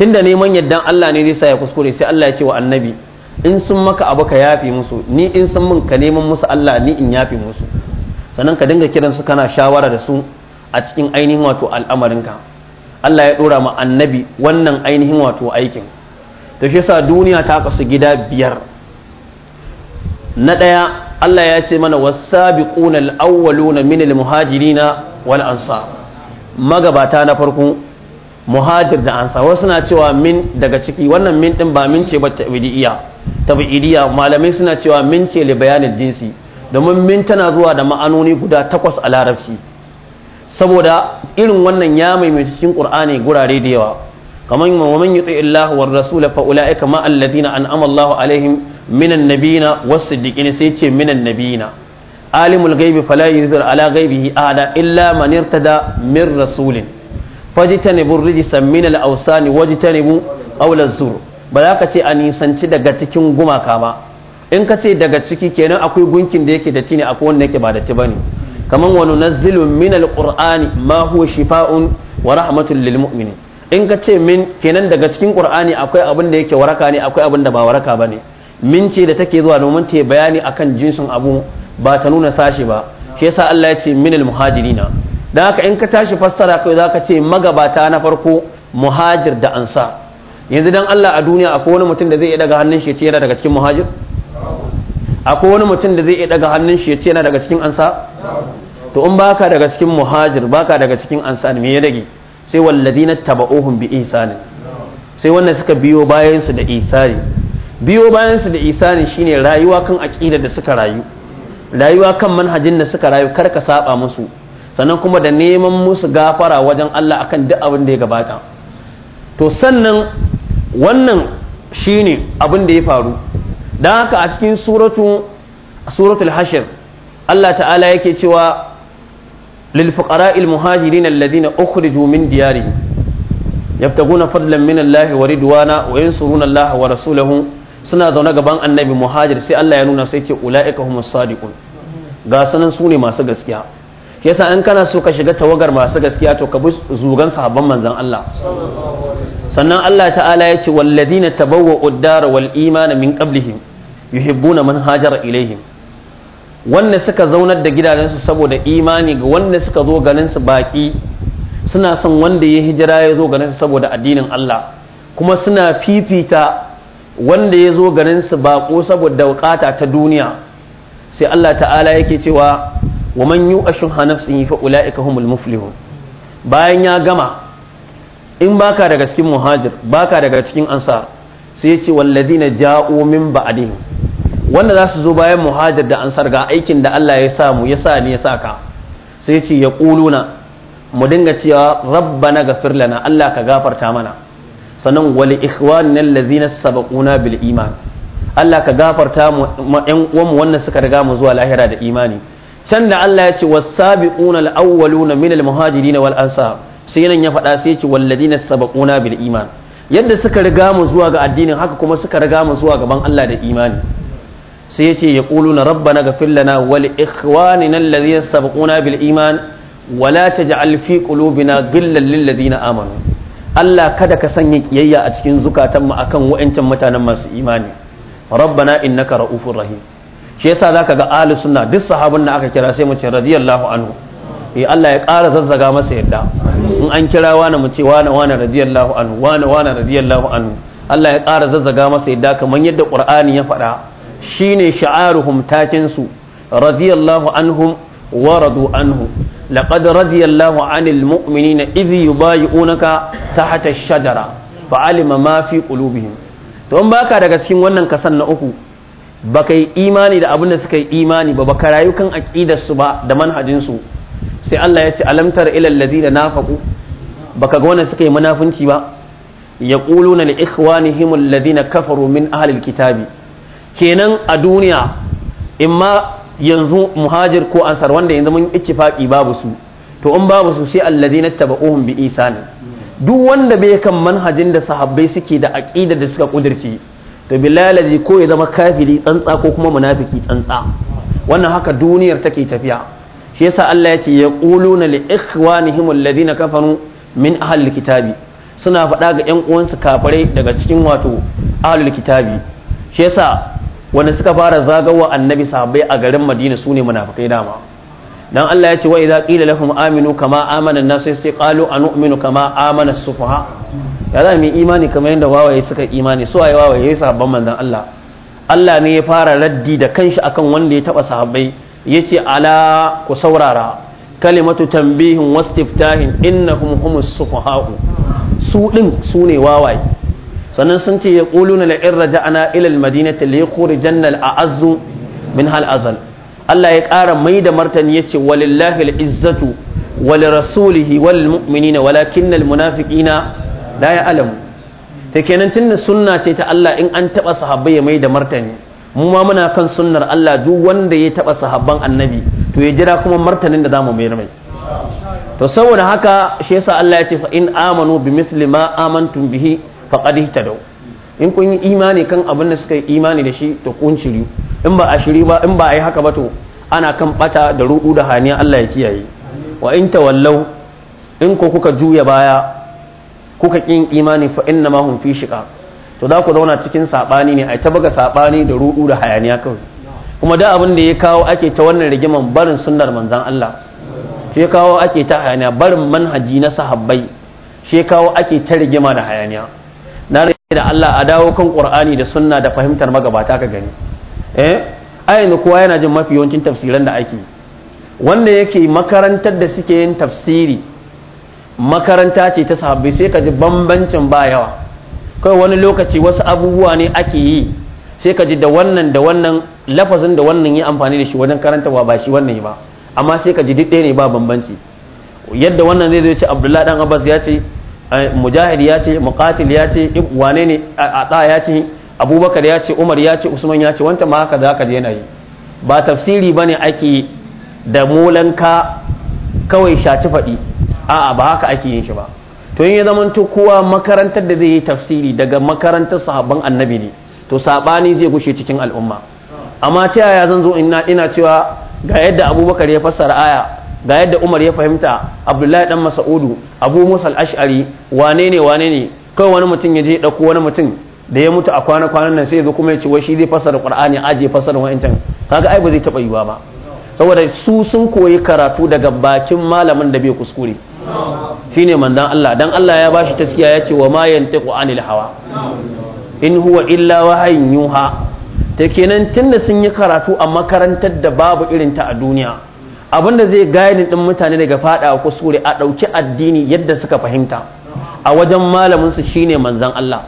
S1: tunda neman yarda Allah ne zai sa ya kuskure sai Allah ya ce wa annabi in sun maka abu ka yafi musu ni in sun min ka neman musu Allah ni in yafi musu sannan ka dinga kiransu kana shawara da su a cikin ainihin wato al'amarinka Allah ya dora ma annabi wannan ainihin wato aikin to shi yasa duniya ta kasu gida biyar na ɗaya Allah ya ce mana wasabiquna al-awwaluna min al-muhajirina wal ansar magabata na farko muhajir da ansa wasu suna cewa min daga ciki wannan min din ba min ce ba tabi'iyya tabi'iyya malamai suna cewa min ce li bayanin jinsi domin min tana zuwa da ma'anoni guda takwas a larabci saboda irin wannan ya mai cikin qur'ani gurare da yawa kamar wa man yuti illah war rasul fa ulaika ma alladhina an'ama Allahu alaihim minan nabiyina was siddiqina sai ce minan nabiyina alimul gaibi fala yuzur ala gaibihi ahada illa man irtada min rasulin fajtanibu rijsa min al-awsani wajtanibu qawla zur ba za ka ce a nisanci daga cikin gumaka ba in ka ce daga ciki kenan akwai gunkin da yake da tini akwai wanda yake ba da ti bane kaman wa nunazzilu min al-qur'ani ma huwa shifaa'un wa rahmatun lil mu'minin in ka ce min kenan daga cikin qur'ani akwai abin da yake waraka ne akwai abin da ba waraka bane min ce da take zuwa domin ta bayani akan jinsin abu ba ta nuna sashi ba shi yasa Allah ya ce muhajiri muhajirina dan haka in ka tashi fassara kai zaka ce magabata na farko muhajir da ansa yanzu dan Allah a duniya akwai wani mutum da zai iya daga hannun shi ya ce yana daga cikin muhajir akwai wani mutum da zai iya daga hannun shi ya ce yana daga cikin ansa to in baka daga cikin muhajir baka daga cikin ansa me ya dage sai walladina taba'uhum bi ihsanin sai wanda suka biyo bayan su da ihsani biyo bayan su da ihsani shine rayuwa kan aqida da suka rayu rayuwa kan manhajin da suka rayu kar ka saba musu sannan kuma da neman musu gafara wajen Allah akan duk abin da ya gabata to sannan wannan shine abin da ya faru dan haka a cikin suratu suratul hashir Allah ta'ala yake cewa lil fuqara'il muhajirin alladhina ukhriju min diyarihim yabtaguna fadlan min Allah wa ridwana wa yansuruna Allah wa rasulahu suna zaune gaban annabi muhajir sai Allah ya nuna sai ke ula'ika humus sadiqun ga sanan su ne masu gaskiya yasa an kana so ka shiga tawagar masu gaskiya to ka bi zugan sahabban manzan Allah sannan Allah ta'ala ya ce walladina tabawwa'u ad-dara wal na min qablihim yuhibbuna man hajara ilaihim wanda suka zaunar da gidajensu saboda imani ga wanda suka zo ganin su baki suna son wanda ya hijira ya zo ganin su saboda addinin Allah kuma suna fifita wanda ya zo ganin su baƙo saboda wukata ta duniya sai Allah ta'ala yake cewa wa man yu ashun hanafsin fa ula'ika humul muflihun bayan ya gama in baka daga cikin muhajir baka daga cikin ansar sai ya ce walladina ja'u min ba'dihim wanda za su zo bayan muhajir da ansar ga aikin da Allah ya samu ya sa ni ya ka sai ya ce ya quluna mu dinga cewa rabbana gafir lana Allah ka gafarta mana sannan wali ikhwan nan lazina sabaquna bil iman Allah ka gafarta mu ƴan uwanmu wannan suka riga mu zuwa lahira da imani can da Allah ya ce wasabiquna al-awwaluna min al-muhajirin wal ansar sai nan ya faɗa sai ya ce walladina sabaquna bil iman yadda suka riga mu zuwa ga addinin haka kuma suka riga mu zuwa gaban Allah da imani sai ya ce yaquluna rabbana ghfir lana wal ikhwanina alladhina sabaquna bil iman wala taj'al fi qulubina ghillan lil ladina amanu Allah kada ka sanya kiyayya a cikin zukatan mu akan wa'ancan mutanen masu imani rabbana innaka ra'ufur rahim shi yasa zaka ga ahli sunna duk sahabban da aka kira sai mu ce radiyallahu anhu eh Allah ya ƙara zazzaga masa yadda in an kira wani mu ce wani wani radiyallahu anhu wani wani radiyallahu anhu Allah ya ƙara zazzaga masa yadda kamar yadda Qur'ani ya faɗa shine sha'aruhum takin su radiyallahu anhum waradu anhu لقد رضي الله عن المؤمنين إذ يبايعونك تحت الشجرة فعلم ما في قلوبهم don baka daga cikin wannan kasan na uku baka yi imani da abin da suka yi imani ba baka rayu kan aqidar su ba da manhajin su sai Allah ya ce alam tar ila alladhina nafaqu baka ga wannan suka yi munafunci ba yaquluna li ikhwanihim alladhina kafaru min ahli alkitabi kenan a duniya imma yanzu muhajir ko ansar wanda yanzu mun ittifaqi babu su to in babu su sai allazina tabauhum bi isani duk wanda bai kan manhajin da sahabbai suke da aqida da suka kudirce to billahi ko ya zama kafiri tsantsa ko kuma munafiki tsantsa wannan haka duniyar take tafiya shi yasa Allah ya ce li ikhwanihim alladhina kafaru min ahli kitabi suna faɗa ga ƴan uwansu kafirai daga cikin wato ahlul kitabi shi yasa wanda suka fara zagawa annabi sahabbai a garin madina su ne munafikai dama dan Allah ya ce wa idza qila lahum aminu kama amana an-nas sai qalu anu'minu kama amana as-sufaha ya za mu imani kamar yadda wawaye suka imani su waye wawaye sahabban manzon Allah Allah ne ya fara raddi da kanshi akan wanda ya taba sahabbai yace ala ku saurara kalimatu tanbihin wastiftahin innahum humus sufaha su din su ne wawaye sannan sun ce ya ƙulu na la'in ana ilal madinati la yakhuri jannal a'azzu min hal azal Allah ya ƙara mai da martani ya ce walillahi al-izzatu wal rasulihi wal mu'minina walakinnal munafiqina la alamu. ta kenan tunda sunna ce ta Allah in an taba sahabbai ya mai da martani mu ma muna kan sunnar Allah duk wanda ya taba sahabban annabi to ya jira kuma martanin da zamu mayar mai to saboda haka shi yasa Allah ya ce fa in amanu bi misli ma amantum bihi ta dau in kun yi imani kan abin da suka yi imani da shi to kun shiri in ba a shiri ba in ba a yi haka ba to ana kan ɓata da ruɗu da haniya Allah ya kiyaye wa in ta wallau in ko kuka juya baya kuka ƙin imani fa inna ma hum fi shiqa to za ku zauna cikin saɓani ne ai ta buga saɓani da ruɗu da hayaniya kawai kuma da abin da ya kawo ake ta wannan rigiman barin sunnar manzan Allah shi ya kawo ake ta hayaniya barin manhaji na sahabbai shi kawo ake ta rigima da hayaniya da Allah a dawo kan Qur'ani da sunna da fahimtar magabata ka gani eh ayin kowa yana jin mafi yawancin tafsiran da ake wanda yake makarantar da suke yin tafsiri makaranta ce ta sahabbai sai ka ji bambancin ba yawa kai wani lokaci wasu abubuwa ne ake yi sai ka ji da wannan da wannan lafazin da wannan yi amfani da shi wajen karantawa ba shi wannan ba amma sai ka ji duk ɗaya ne ba bambanci yadda wannan zai ce abdullahi dan abbas ya ce Eh, mujahid ya ce muqatil ya ce wane ne da ya ce abubakar ya ce umar ya ce usman ya ce wancan ma haka zaka je yana yi ba tafsiri bane ake da molanka kawai shaci faɗi a'a ba haka ake yin shi ba to in ya zamanto kowa makarantar da zai yi tafsiri daga makarantar sahabban annabi ne to sabani zai gushe cikin al'umma amma ta yaya zan zo ina ina cewa ga yadda abubakar ya fassara aya ga yadda Umar ya fahimta Abdullahi dan Mas'udu Abu Musa al-Ash'ari wane ne wane ne kai wani mutum ya je ya dauko wani mutum da ya mutu a kwana kwanan nan sai ya zo kuma ya ce wai shi zai fassara Qur'ani aje fassara wa'intan kaga ai ba zai taba yiwa ba saboda su sun koyi karatu daga bakin malamin da bai kuskure shine manzon Allah dan Allah ya bashi taskiya ya ce wa ma yantiqu anil hawa in huwa illa wahayin ta kenan tunda sun yi karatu a makarantar da babu irin ta a duniya abinda zai gane din mutane daga fada kuskure, a ɗauki addini yadda suka fahimta a wajen malamin su shine manzon Allah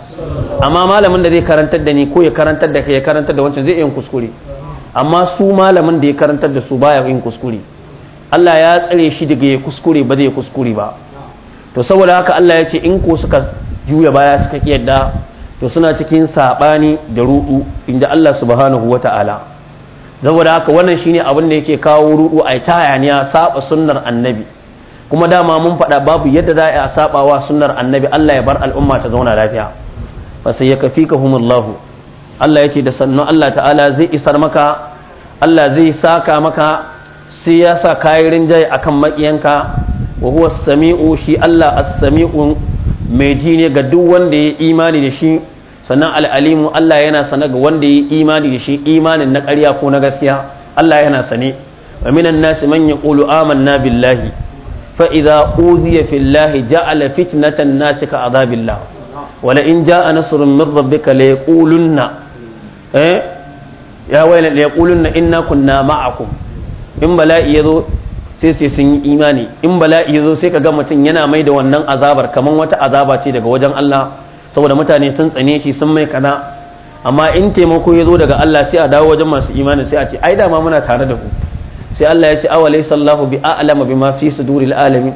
S1: amma malamin da zai karantar da ni ko ya karantar da kai ya karantar da wancan zai yin kuskure amma su malamin da ya karantar da su baya yin kuskure Allah ya tsare shi daga ya kuskure ba zai kuskure ba to saboda haka Allah ya ce in ko suka juya baya suka kiyarda to suna cikin sabani da rudu inda Allah subhanahu wata'ala saboda haka wannan shine abin da yake kawo rudu a ta hayaniya saɓa sunnar annabi kuma dama mun faɗa babu yadda za a saba wa sunnar annabi Allah ya bar al'umma ta zauna lafiya fa sai ya kafi ka humullahu Allah ya da sannu Allah ta'ala zai isar maka Allah zai saka maka sai ya sa kayirin jai akan makiyanka wa huwa sami'u shi Allah as-sami'u mai ji ne ga duk wanda ya imani da shi sannan al'alimu Allah yana sane ga wanda ya imani da shi imanin na ƙarya ko na gaskiya Allah yana sane wa minan nasi man yaqulu amanna billahi fa'iza idza uziya fillahi ja'ala fitnatan nasi ka azabillah wa la in ja'a nasrun min rabbika la yaqulunna eh ya wayla la yaqulunna inna kunna ma'akum in bala'i yazo sai sai sun yi imani in bala'i yazo sai ka ga mutum yana mai da wannan azabar kaman wata azaba ce daga wajen Allah saboda mutane sun tsane shi sun mai kana amma in taimako ya zo daga Allah sai a dawo wajen masu imani sai a ce ai dama muna tare da ku sai Allah ya ce awalai sallahu bi a'lama bima fi suduril alamin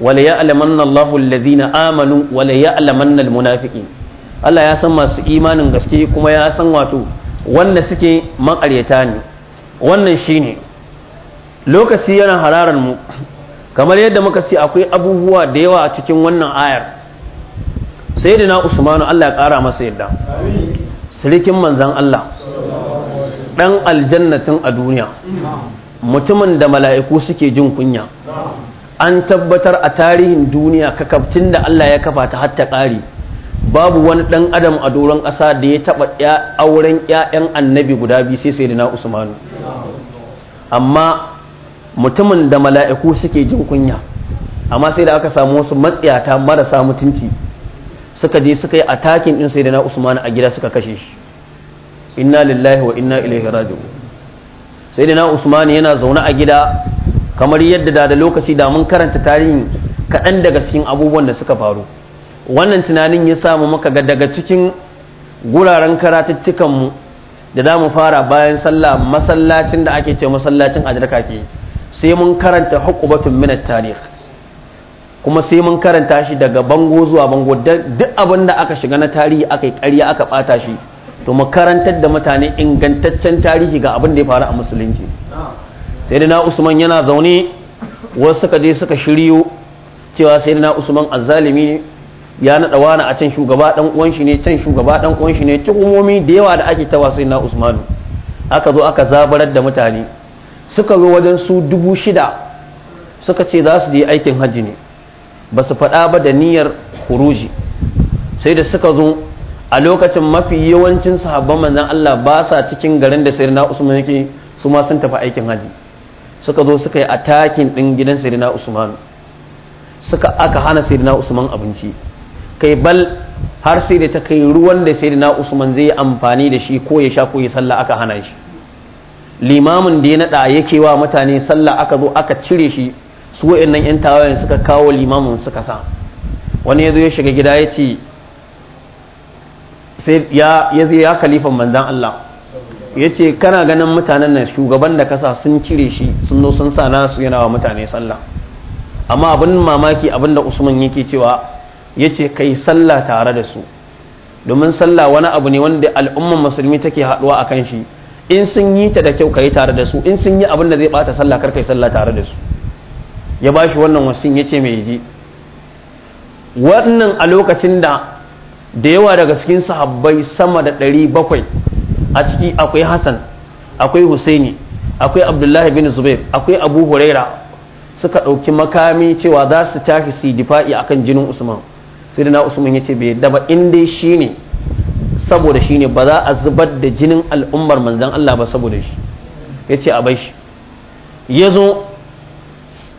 S1: wala ya'lamanna Allahu alladhina amanu wala ya'lamanna almunafiqin Allah ya san masu imanin gaske kuma ya san wato wanda suke makaryata ne wannan shine lokaci yana hararar mu kamar yadda muka ce akwai abubuwa da yawa a cikin wannan ayar sai usmanu allah ya kara masa yadda sirikin manzan allah ɗan aljannatin a duniya mutumin da mala'iku suke jin kunya an tabbatar a tarihin duniya kakabtin da allah ya kafa ta hatta ƙari babu wani ɗan adam a doron ƙasa da ya taɓa auren 'ya'yan annabi guda biyu sai sai usmanu amma mutumin da mala'iku suke jin kunya amma sai da aka samu wasu matsiyata marasa mutunci suka je suka yi atakin din sayyidina usman a gida suka kashe shi inna lillahi wa inna ilaihi raji'un sayyidina usman yana zaune a gida kamar yadda da da lokaci da mun karanta tarihin kaɗan daga cikin abubuwan da suka faru wannan tunanin ya samu maka ga daga cikin guraren karatuttukanmu da za mu fara bayan sallah masallacin da ake ce masallacin adraka ke sai mun karanta hukubatun minat tarihi kuma sai mun karanta shi daga bango zuwa bango duk abin da aka shiga na tarihi aka yi ƙarya aka ɓata shi to mu karantar da mutane ingantaccen tarihi ga abin da ya faru a musulunci sai da na usman yana zaune wasu suka je suka shiryo cewa sai da na usman azzalimi ya naɗa wani a can shugaba ɗan uwan shi ne can shugaba ɗan uwan shi ne tuhumomi da yawa da ake tawa sai na usmanu aka zo aka zabarar da mutane suka zo wajen su dubu shida suka ce za su je aikin hajji ne ba su faɗa ba da niyyar huruji sai da suka zo a lokacin mafi yawancin sahabban manzan Allah ba sa cikin garin da sayyidina Usman yake su ma sun tafi aikin haji suka zo suka yi atakin ɗin gidan sayyidina Usman suka aka hana sayyidina Usman abinci kai bal har sai da ta kai ruwan da sayyidina Usman zai amfani da shi ko ya sha ko ya sallah aka hana shi limamin da ya nada yake wa mutane sallah aka zo aka cire shi su waɗannan yan tawayen suka kawo limamin suka sa wani ya zo ya shiga gida ya ce ya zai ya kalifan manzan Allah ya ce kana ganin mutanen nan shugaban da kasa sun cire shi sun zo sun sa nasu yana wa mutane sallah amma abin mamaki abin da usman yake cewa ya ce kai sallah tare da su domin sallah wani abu ne wanda al'umman musulmi take haɗuwa a kan shi in sun yi ta da kyau ka yi tare da su in sun yi abin da zai bata sallah kar kai sallah tare da su ya ba shi wannan wasin ya ce mai ji wannan a lokacin da da yawa daga cikin sahabbai sama da ɗari bakwai a ciki akwai hassan akwai Hussaini akwai abdullahi bin zubair akwai abu huraira suka ɗauki makami cewa za su tafi su yi difa'i kan jinin usman sai da na usman ya ce bai yadda ba in dai shi ne saboda shi ne ba za a zubar da jinin al'ummar manzan allah ba saboda shi ya ce a bai shi ya zo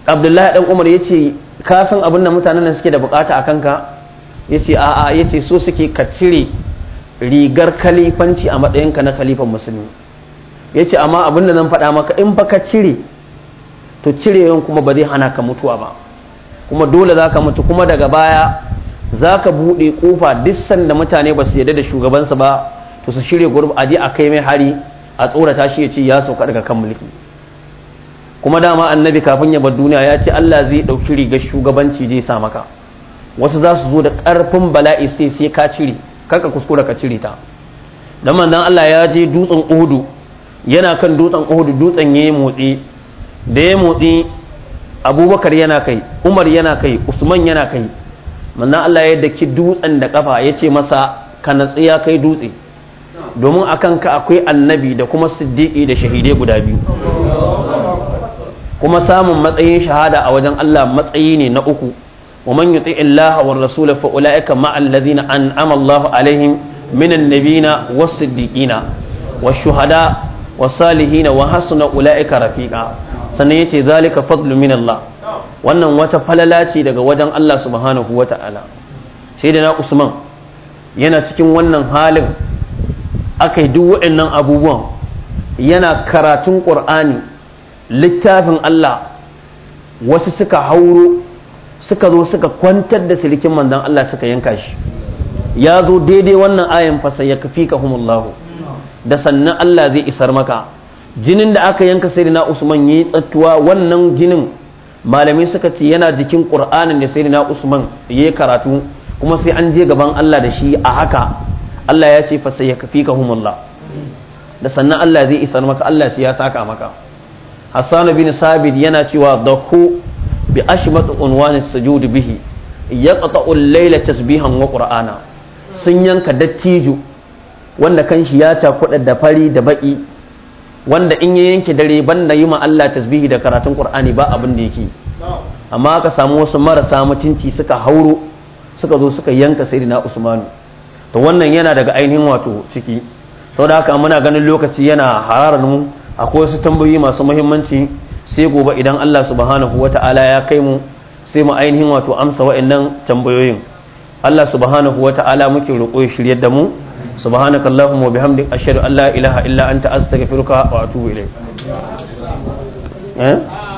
S1: abdullahi dan umar ya ce ka san abin da mutanen nan suke da bukata a kanka ya ce a'a ya ce so suke ka cire rigar kalifanci a ka na kalifan musulmi ya ce amma abin da zan faɗa maka in fa ka cire to cire yau kuma ba zai hana ka mutuwa ba kuma dole za ka mutu kuma daga baya za ka buɗe ƙofa duk sanda mutane ba su yarda da shugabansu ba to su shirya gurbi a je a kai mai hari a tsorata shi ya ce ya sauka daga kan mulki kuma dama annabi kafin ya bar duniya ya ce Allah zai ɗauki rigar shugabanci zai sa maka wasu za su zo da karfin bala'i sai sai ka cire karka kuskura ka cire ta dan manzon Allah ya je dutsen uhudu yana kan dutsen uhudu dutsen yayi motsi da ya motsi Abubakar yana kai Umar yana kai Usman yana kai manzon Allah ya daki dutsen da kafa ya ce masa ka natsi ya kai dutse domin akan ka akwai annabi da kuma siddiqi da shahidai guda biyu kuma samun matsayin shahada a wajen Allah matsayi ne na uku wa man yuti illaha war rasul fa ulaika ma allazina an'ama Allahu alaihim minan nabiyina was siddiqina wash shuhada was salihina wa hasuna ulaika rafiqa sannan yace zalika fadlu min Allah wannan wata falala ce daga wajen Allah subhanahu wata'ala sai da na Usman yana cikin wannan halin aka yi duk waɗannan abubuwan yana karatun ƙur'ani littafin Allah wasu suka hauro suka zo suka kwantar da silikin manzan Allah suka yanka shi ya zo daidai wannan ayan fasa ya kafi kahumullahu da sannan Allah zai isar maka jinin da aka yanka sayyidina Usman yayi tsattuwa wannan jinin malami suka ce yana jikin Qur'anin da sayyidina Usman Ya yi karatu kuma sai an je gaban Allah da shi a haka Allah ya ce fasa ya kafi
S3: da
S1: sannan Allah zai isar maka Allah shi ya saka maka hassan bin sabid yana cewa dahu bi ashmat unwan as-sujud bihi yaqta'u al-layla tasbihan wa sun yanka dattijo wanda kanshi ya cakuɗa da fari da baƙi wanda in ya yanke dare banda yi ma Allah tasbihi da karatun qur'ani ba abin da yake amma aka samu wasu marasa mutunci suka hauro suka zo suka yanka sayyidina usmanu to wannan yana daga ainihin wato ciki saboda haka muna ganin lokaci yana hararar mu akwai wasu tambayoyi masu muhimmanci sai gobe idan Allah subhanahu wata'ala ya kai mu sai mu ainihin wato amsa wa'annan tambayoyin Allah subhanahu wata'ala muke roƙo ya shiryar da mu subhanakallahumma wa bihamdik ashhadu an la ilaha illa anta astaghfiruka wa atubu ilayk
S3: eh